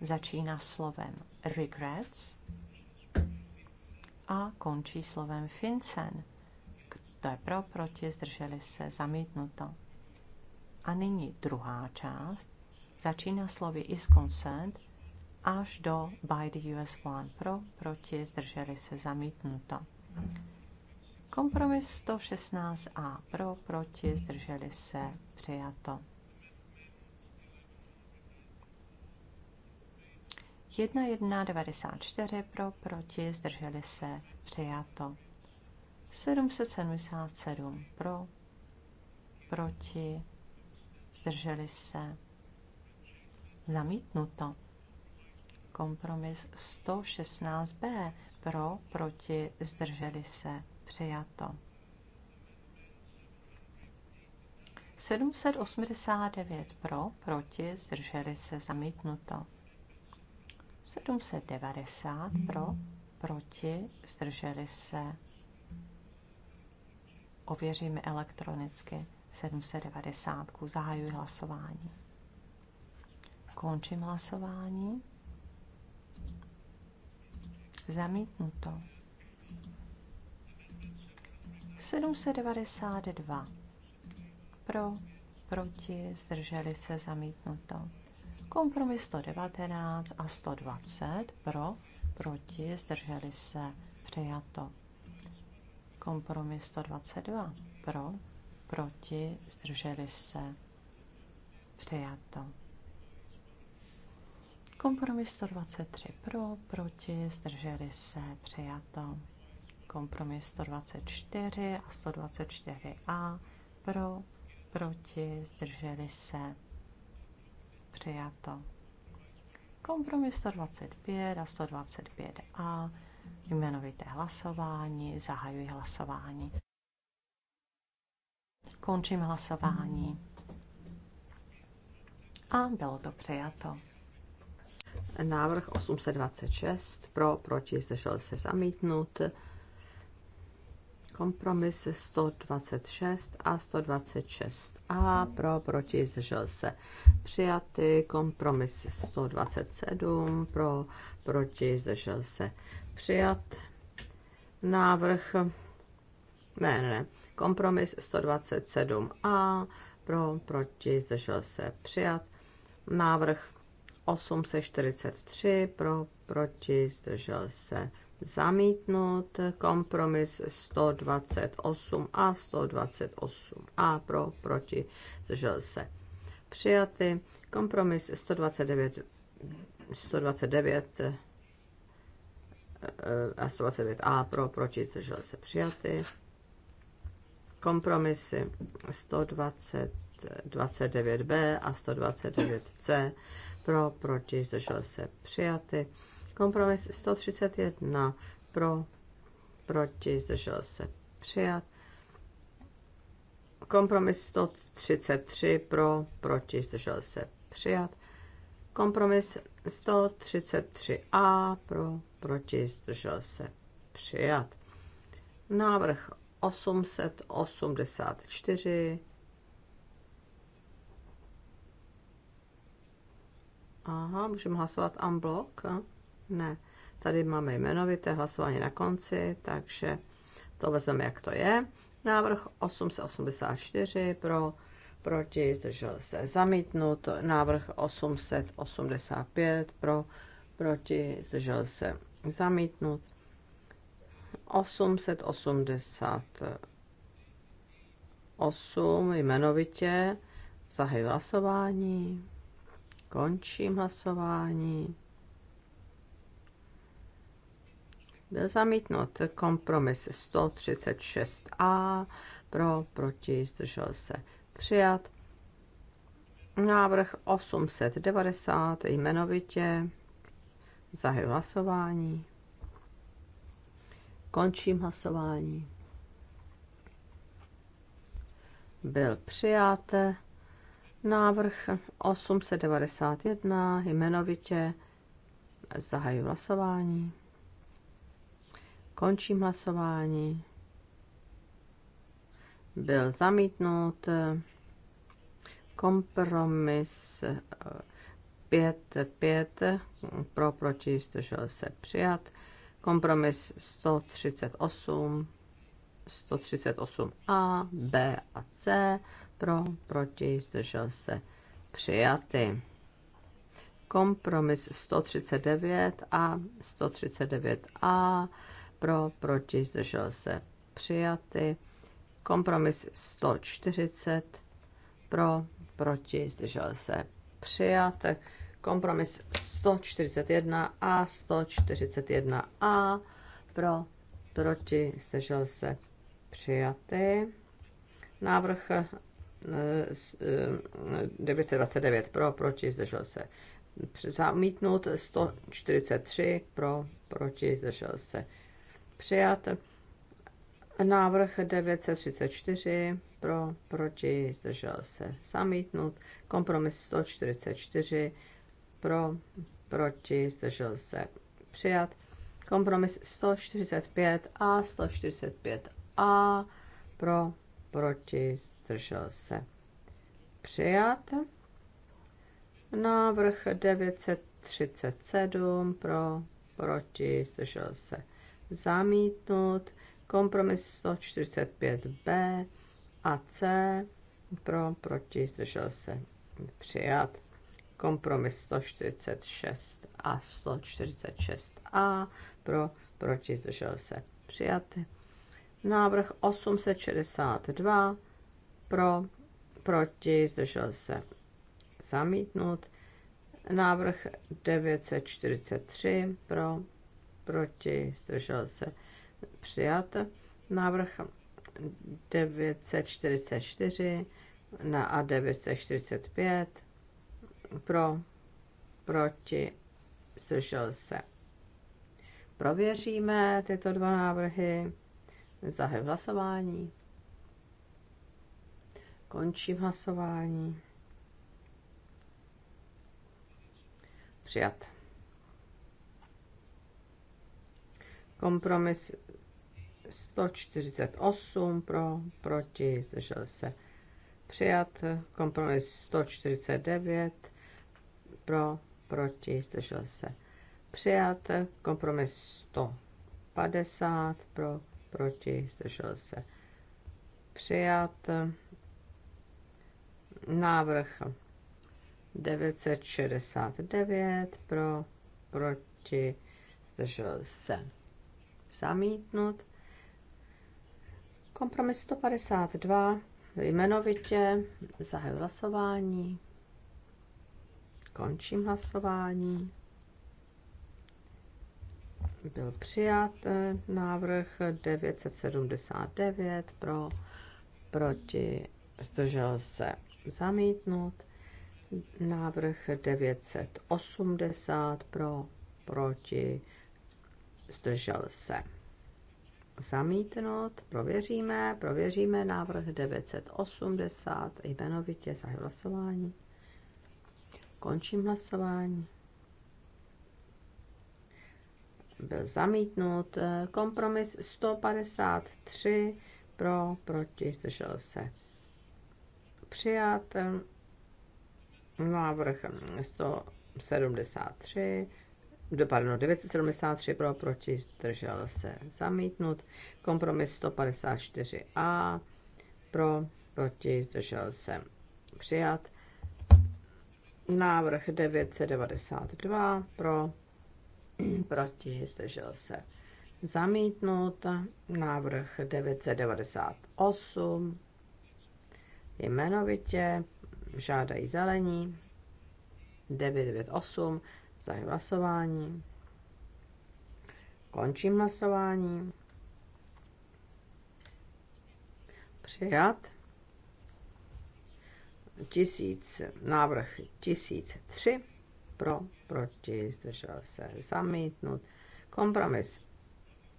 začíná slovem regrets a končí slovem fincen. To je pro, proti, zdrželi se, zamítnuto. A nyní druhá část, Začíná slovy is concerned až do by the US one. Pro, proti, zdrželi se, zamítnuto. Kompromis 116a. Pro, proti, zdrželi se, přijato. jedna jedna pro, proti, zdrželi se, přijato. 777 pro, proti, zdrželi se, Zamítnuto. Kompromis 116b. Pro, proti, zdrželi se. Přijato. 789 pro, proti, zdrželi se, zamítnuto. 790 pro, proti, zdrželi se. Ověříme elektronicky 790. Zahajuji hlasování. Končím hlasování. Zamítnuto. 792. Pro, proti, zdrželi se, zamítnuto. Kompromis 119 a 120. Pro, proti, zdrželi se, přijato. Kompromis 122. Pro, proti, zdrželi se, přijato. Kompromis 123 pro, proti, zdrželi se, přijato. Kompromis 124 a 124a pro, proti, zdrželi se, přijato. Kompromis 125 a 125a jmenovité hlasování, zahajuji hlasování. Končím hlasování. A bylo to přijato. Návrh 826 pro, proti, zdržel se zamítnut. Kompromis 126 a 126 a pro, proti, zdržel se přijaty. Kompromis 127 pro, proti, zdržel se přijat. Návrh, ne, ne, ne, kompromis 127a pro, proti, zdržel se přijat. Návrh 843 pro, proti, zdržel se zamítnut, kompromis 128 a 128 a pro, proti, zdržel se přijaty, kompromis 129, 129 eh, a 129 a pro, proti, zdržel se přijaty, kompromisy 129 b a 129c pro, proti, zdržel se přijaty. Kompromis 131 pro, proti, zdržel se přijat. Kompromis 133 pro, proti, zdržel se přijat. Kompromis 133a pro, proti, zdržel se přijat. Návrh 884 Aha, můžeme hlasovat unblock? Ne. Tady máme jmenovité hlasování na konci, takže to vezmeme, jak to je. Návrh 884 pro, proti, zdržel se zamítnut. Návrh 885 pro, proti, zdržel se zamítnut. 888 jmenovitě zahy hlasování. Končím hlasování. Byl zamítnut kompromis 136a, pro, proti, zdržel se přijat. Návrh 890 jmenovitě. Zahy hlasování. Končím hlasování. Byl přijat Návrh 891 jmenovitě zahajuji hlasování. Končím hlasování. Byl zamítnut kompromis 5-5 eh, pro proti zdržel se přijat. Kompromis 138 138a, b a c pro, proti, zdržel se, přijaty. Kompromis 139 a 139a, pro, proti, zdržel se, přijaty. Kompromis 140, pro, proti, zdržel se, přijaty. Kompromis 141 a 141 a, pro, proti, zdržel se, přijaty. Návrh 929 pro, proti, zdržel se. Zamítnut 143 pro, proti, zdržel se. Přijat návrh 934 pro, proti, zdržel se. Zamítnut kompromis 144 pro, proti, zdržel se. Přijat kompromis 145 a 145 a pro, proti, zdržel se přijat. Návrh 937 pro, proti, zdržel se zamítnut. Kompromis 145b a c pro, proti, zdržel se přijat. Kompromis 146 a 146a pro, proti, zdržel se přijat. Návrh 862 pro, proti, zdržel se zamítnut. Návrh 943 pro, proti, zdržel se přijat. Návrh 944 na a 945 pro, proti, zdržel se. Prověříme tyto dva návrhy. Zahajuji hlasování. Končím hlasování. Přijat. Kompromis 148 pro, proti, zdržel se přijat. Kompromis 149 pro, proti, zdržel se přijat. Kompromis 150 pro, proti, zdržel se přijat. Návrh 969 pro, proti, zdržel se zamítnut. Kompromis 152 jmenovitě zahajuji hlasování. Končím hlasování byl přijat eh, návrh 979 pro, proti, zdržel se zamítnut, návrh 980 pro, proti, zdržel se zamítnout, prověříme, prověříme návrh 980, jmenovitě za hlasování. Končím hlasování byl zamítnut. Eh, kompromis 153 eh, pro, proti, zdržel se. Přijat návrh 173, pardon, 973 pro, proti, zdržel se. Zamítnut. Kompromis 154a pro, proti, zdržel se. Přijat. Návrh 992 pro, (clears throat) proti, zdržel se. Zamítnut návrh 998, jmenovitě žádají zelení, 998, zahajuji hlasování, končím hlasování, přijat, tisíc, návrh 1003, pro, proti, zdržel se, zamítnut. Kompromis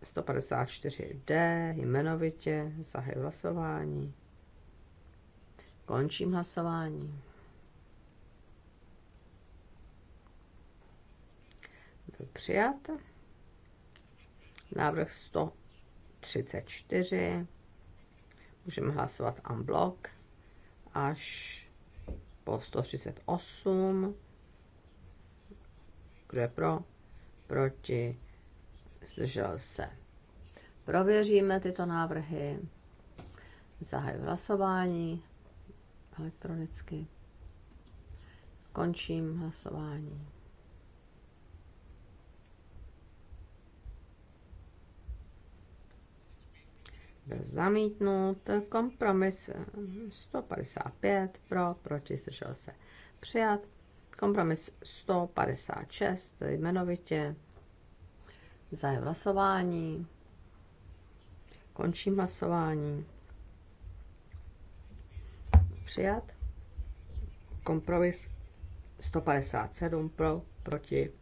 154D, jmenovitě, zahaj hlasování. Končím hlasování. Byl přijat. Návrh 134. Můžeme hlasovat unblock až po 138 kdo je pro? Proti? Zdržel se. Prověříme tyto návrhy. Zahajuji hlasování elektronicky. Končím hlasování. byl zamítnut. Kompromis 155 pro, proti, zdržel se přijat. Kompromis 156, jmenovitě. Zahajuji hlasování. Končím hlasování. Přijat. Kompromis 157 pro, proti,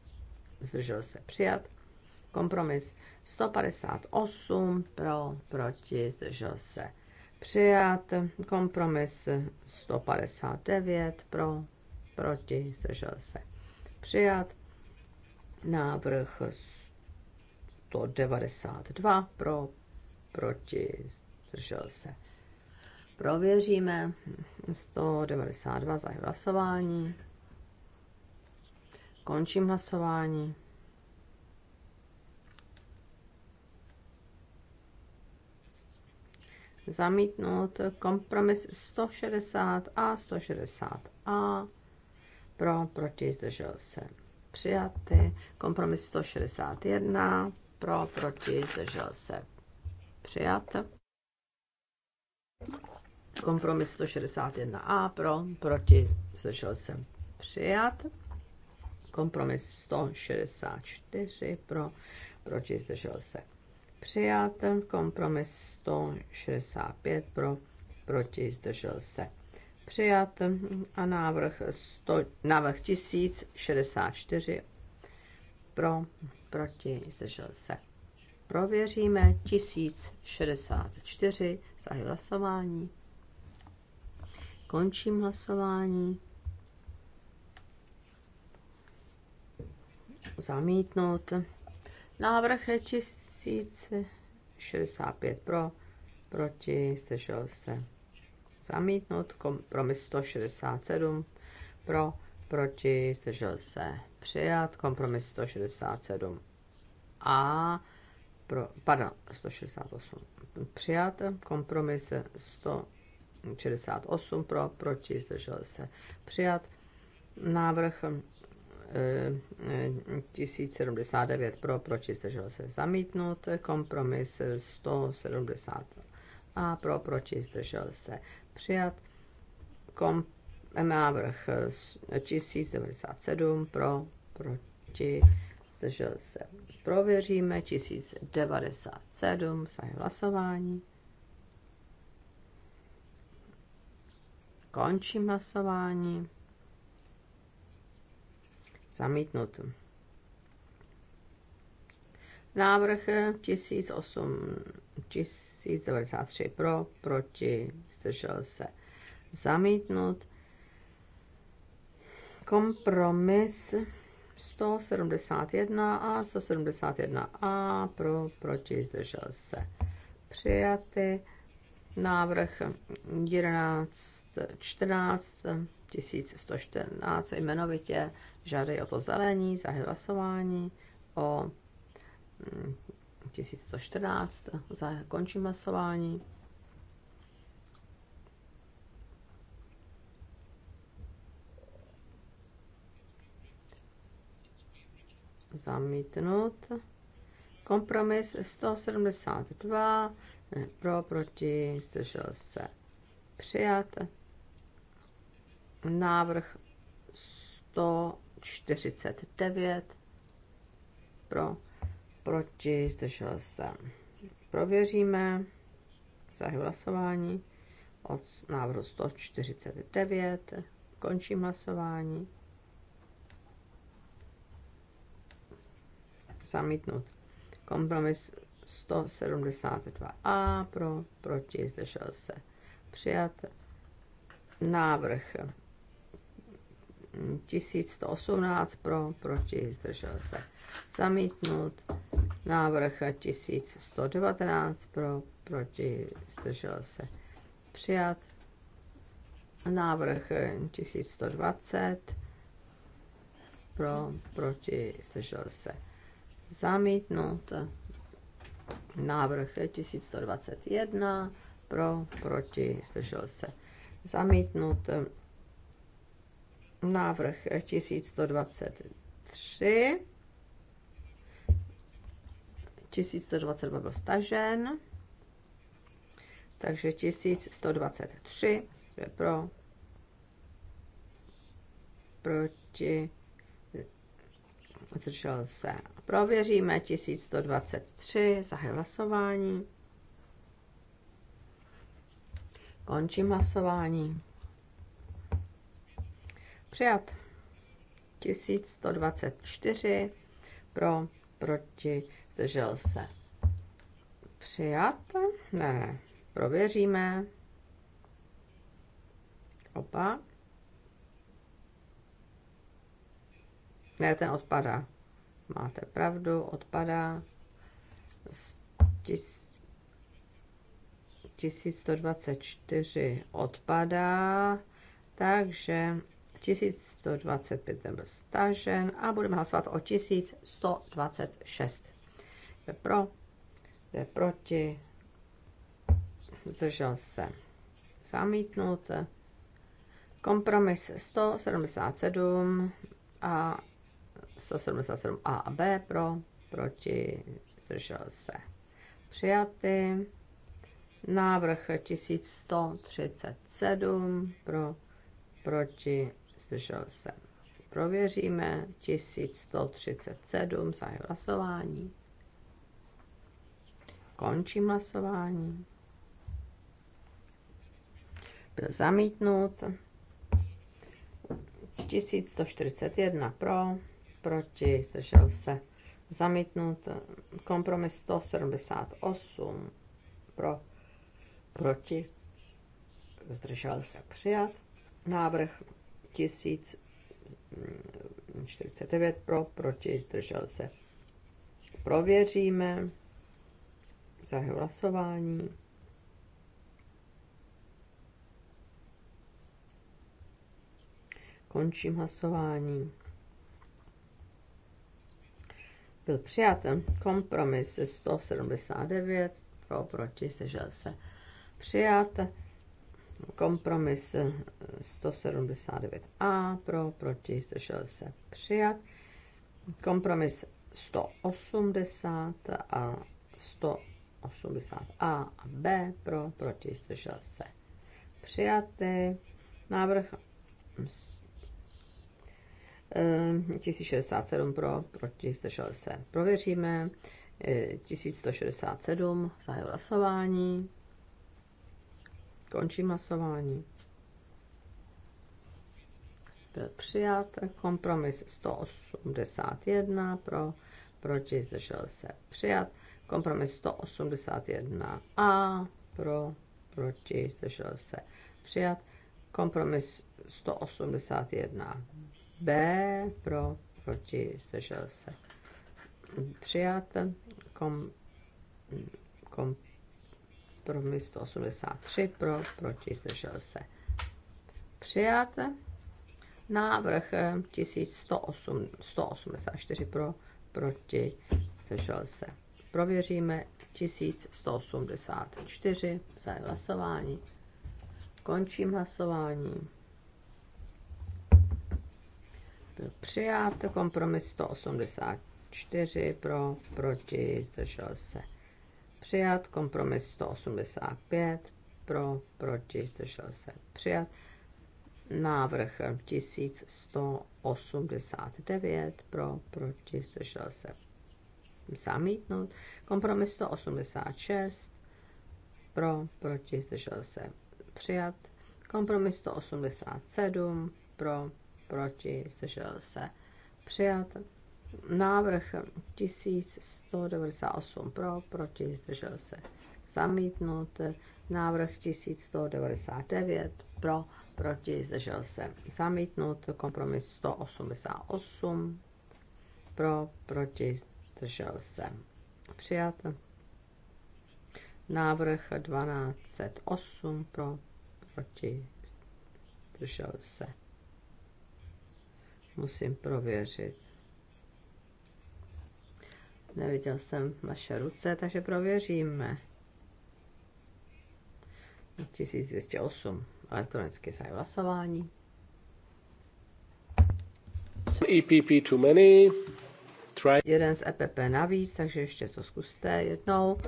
zdržel se přijat. Kompromis 158 pro, proti, zdržel se přijat. Kompromis 159 pro, proti, zdržel se přijat. Návrh 192 pro, proti, zdržel se. Prověříme 192 za hlasování. Končím hlasování. Zamítnout kompromis 160 a 160 a pro, proti, zdržel se přijaty. Kompromis 161, pro, proti, zdržel se přijat. Kompromis 161a, pro, proti, zdržel se přijat. Kompromis 164, pro, proti, zdržel se přijat. Kompromis 165, pro, proti, zdržel se přijat a návrh, 100, návrh 1064 pro, proti, zdržel se. Prověříme 1064, zahy hlasování. Končím hlasování. Zamítnout. Návrh je 1065 pro, proti, zdržel se zamítnut, kompromis 167 pro, proti, zdržel se přijat, kompromis 167 a, pro, pardon, 168 přijat, kompromis 168 pro, proti, zdržel se přijat, návrh 1079 eh, eh, pro, proti, zdržel se zamítnut, kompromis 170 a pro, proti, zdržel se přijat. Kom, návrh 1097 eh, pro, proti, zdržel se. Prověříme 1097, zahájí hlasování. Končím hlasování. Zamítnut. Návrh 1008 eh, 1093 pro, proti, zdržel se zamítnut. Kompromis 171 a 171 a pro, proti, zdržel se přijaty. Návrh 11, 14, 1114 jmenovitě žádají o to zelení, zahlasování hlasování o mm, 1114. Zakončím hlasování. Zamítnut. Kompromis 172. pro, proti, zdržel se. Přijat. Návrh 149. Pro proti, zdržel se. Prověříme, zahy hlasování od návrhu 149, končím hlasování. Zamítnut. Kompromis 172a pro, proti, zdržel se. Přijat návrh 1118 pro, proti, zdržel se. Zamítnut Návrh 1119 pro, proti, zdržel se přijat. Návrh 1120 pro, proti, zdržel se zamítnout. Návrh 1121 pro, proti, zdržel se zamítnout. Návrh 1123 1122 byl stažen, takže 1123 je pro, proti, zdržel se. Prověříme 1123, zahaj hlasování. Končím hlasování. Přijat. 1124 pro, proti, zdržel se. Přijat? Ne, ne. Prověříme. Opa. Ne, ten odpadá. Máte pravdu, odpadá. 1124 odpadá, takže 1125 ten byl stažen a budeme hlasovat o 1126. Kdo pro? Kdo je proti? Zdržel se. Zamítnut. Kompromis 177 a 177 A a B pro, proti, zdržel se. Přijaty. Návrh 1137 pro, proti, zdržel se. Prověříme 1137 za hlasování. Končím hlasování. Byl zamítnut. 1141 pro, proti, zdržel se zamítnut. Kompromis 178 pro, proti, zdržel se přijat. Návrh 1049 pro, proti, zdržel se. Prověříme. Zahajuji hlasování. Končím hlasování. Byl přijat kompromis 179 pro proti sežel se přijat. Kompromis 179a pro proti zdržel se přijat. Kompromis 180 a 80A a B pro, proti, zdržel se. Přijaty. Návrh 1067 mm, eh, pro, proti, zdržel se. Prověříme. 1167 eh, zahajil hlasování. Končí hlasování. Byl přijat kompromis 181 pro, proti, zdržel se. Přijat Kompromis 181a pro, proti, zdržel se přijat. Kompromis 181b pro, proti, zdržel se přijat. Kom, kom, kompromis 183 pro, proti, zdržel se přijat. Návrh 1184 eh, pro, proti, zdržel se Prověříme 1184 za hlasování. Končím hlasování. Byl přijat kompromis 184 pro, proti, zdržel se. Přijat kompromis 185 pro, proti, zdržel se. Přijat návrh 1189 pro, proti, zdržel se zamítnut. Kompromis 186 pro, proti, zdržel se přijat. Kompromis 187 pro, proti, zdržel se přijat. Návrh 1198 pro, proti, zdržel se zamítnut. Návrh 1199 pro, proti, zdržel se zamítnout. Kompromis 188 pro, proti, zdržel se přijat. Návrh 1208 pro, proti, zdržel se. Musím prověřit. Neviděl jsem vaše ruce, takže prověříme. 1208 elektronicky zahájí hlasování. EPP too many try. Jeden z EPP navíc, takže ještě to zkuste jednou.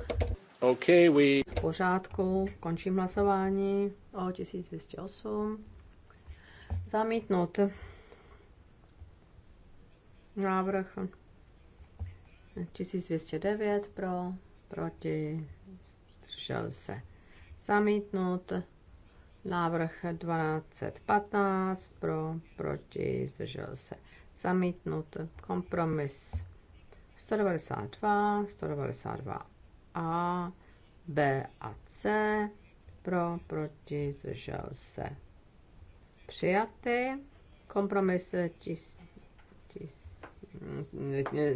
Okay, we... V pořádku, končím hlasování o 1208. Zamítnut. návrh 1209 pro, proti, zdržel se. Zamítnut. návrh 1215 pro, proti, zdržel se Zamítnut. Kompromis 192, 192 A, B a C. Pro, proti, zdržel se. Přijaty. Kompromis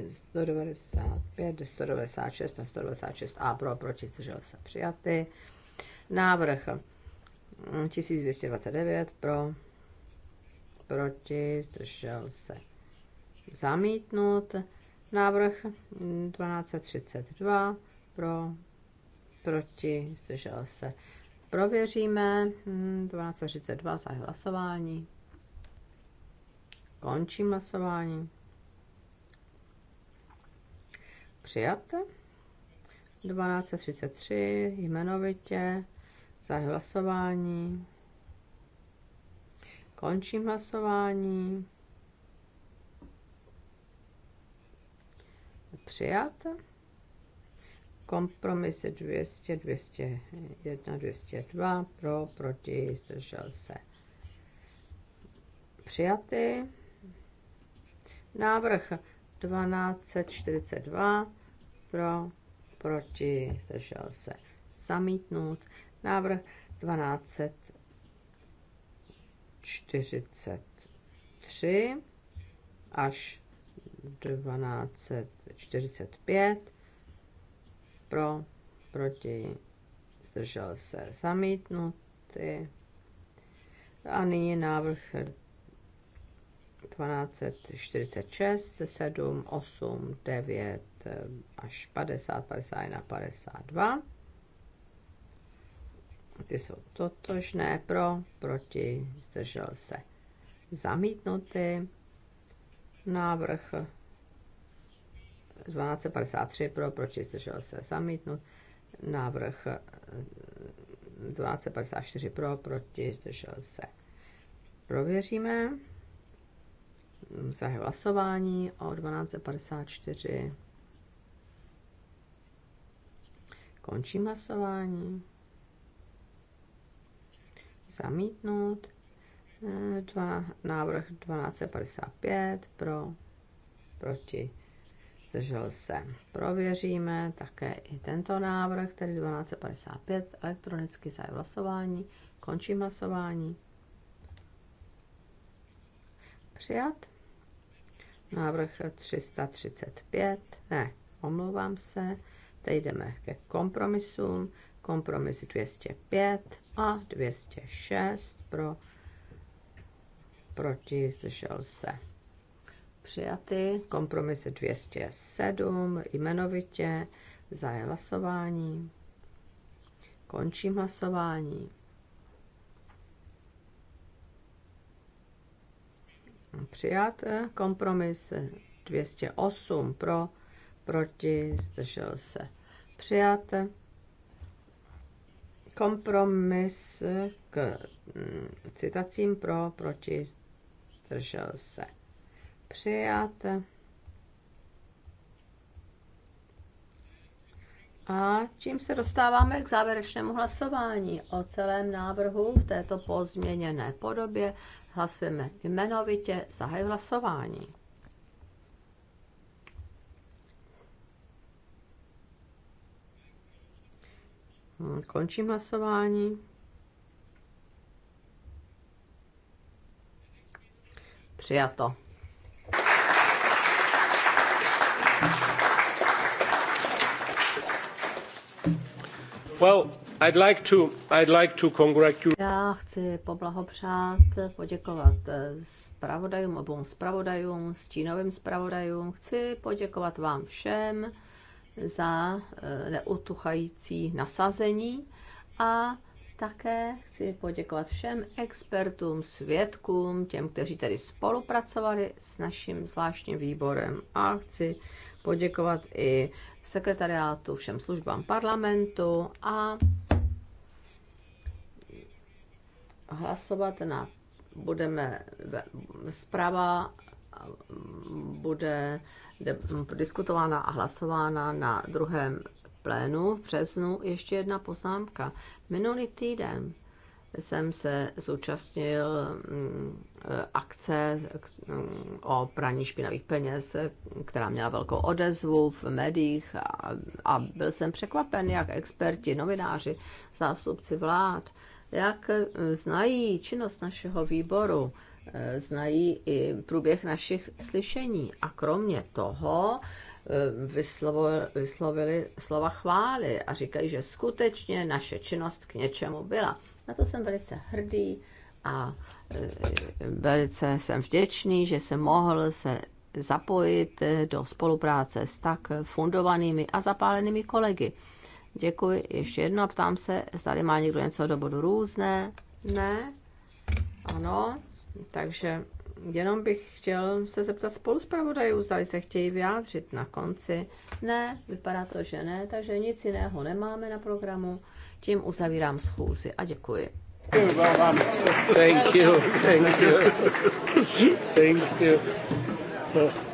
195, 196 a 196 A pro, proti, zdržel se. Přijaty. Návrh 1229 pro, proti, zdržel se zamítnut. Návrh 1232 pro, proti, zdržel se. Prověříme 1232 za hlasování. Končím hlasování. Přijat. 1233 jmenovitě za hlasování. Končím hlasování. přijat. je 200, 201, 202 pro, proti, zdržel se přijaty. Návrh 1242 pro, proti, zdržel se zamítnout. Návrh 1243 až 1245 pro, proti, zdržel se zamítnutý. A nyní návrh 1246, 7, 8, 9 až 50, 51, 52. Ty jsou totožné pro, proti, zdržel se zamítnutý. Návrh 1253 pro, proti, šel se zamítnout Návrh 1254 eh, pro, proti, šel se. Prověříme. zahy hlasování o 1254. Končím hlasování. Zamítnout. Eh, dva, návrh 1255 pro, proti zdržel se. Prověříme také i tento návrh, tedy 1255, elektronicky zahajuji hlasování, končím hlasování. Přijat. Návrh 335, ne, omlouvám se, teď jdeme ke kompromisům, kompromis 205 a 206 pro proti zdržel se přijaty. Kompromis 207, jmenovitě, zahájí hlasování. Končím hlasování. Přijat eh, kompromis 208 pro, proti, zdržel se. Přijat eh, kompromis k mm, citacím pro, proti, zdržel se. Přijat. A čím se dostáváme k závěrečnému hlasování o celém návrhu v této pozměněné podobě, hlasujeme jmenovitě, zahaj hlasování. Hmm, končím hlasování. Přijato. Já chci poblahopřát, poděkovat eh, zpravodajům, obou zpravodajům, stínovým zpravodajům. Chci poděkovat vám všem za eh, neutuchající nasazení a také chci poděkovat všem expertům, svědkům, těm, kteří tady spolupracovali s naším zvláštním výborem a chci poděkovat i sekretariátu, všem službám parlamentu a hlasovat na budeme, zpráva bude diskutována a hlasována na druhém plénu v březnu. Ještě jedna poznámka. Minulý týden jsem se zúčastnil mm, akce o praní špinavých peněz, která měla velkou odezvu v médiích a, a byl jsem překvapen, jak experti, novináři, zástupci vlád, jak znají činnost našeho výboru, eh, znají i průběh našich slyšení. A kromě toho, eh, vyslovo, vyslovili slova chvály a říkají, že skutečně naše činnost k něčemu byla. Na to jsem velice hrdý a e, velice jsem vděčný, že jsem mohl se zapojit do spolupráce s tak fundovanými a zapálenými kolegy. Děkuji ještě jedno a ptám se, zda má někdo něco do bodu různé? Ne? Ano. Takže jenom bych chtěl se zeptat spoluspravodajů, zda se chtějí vyjádřit na konci. Ne, vypadá to, že ne, takže nic jiného nemáme na programu. Tím uzavírám schůzi a děkuji. Thank you, thank you, thank you. Thank you.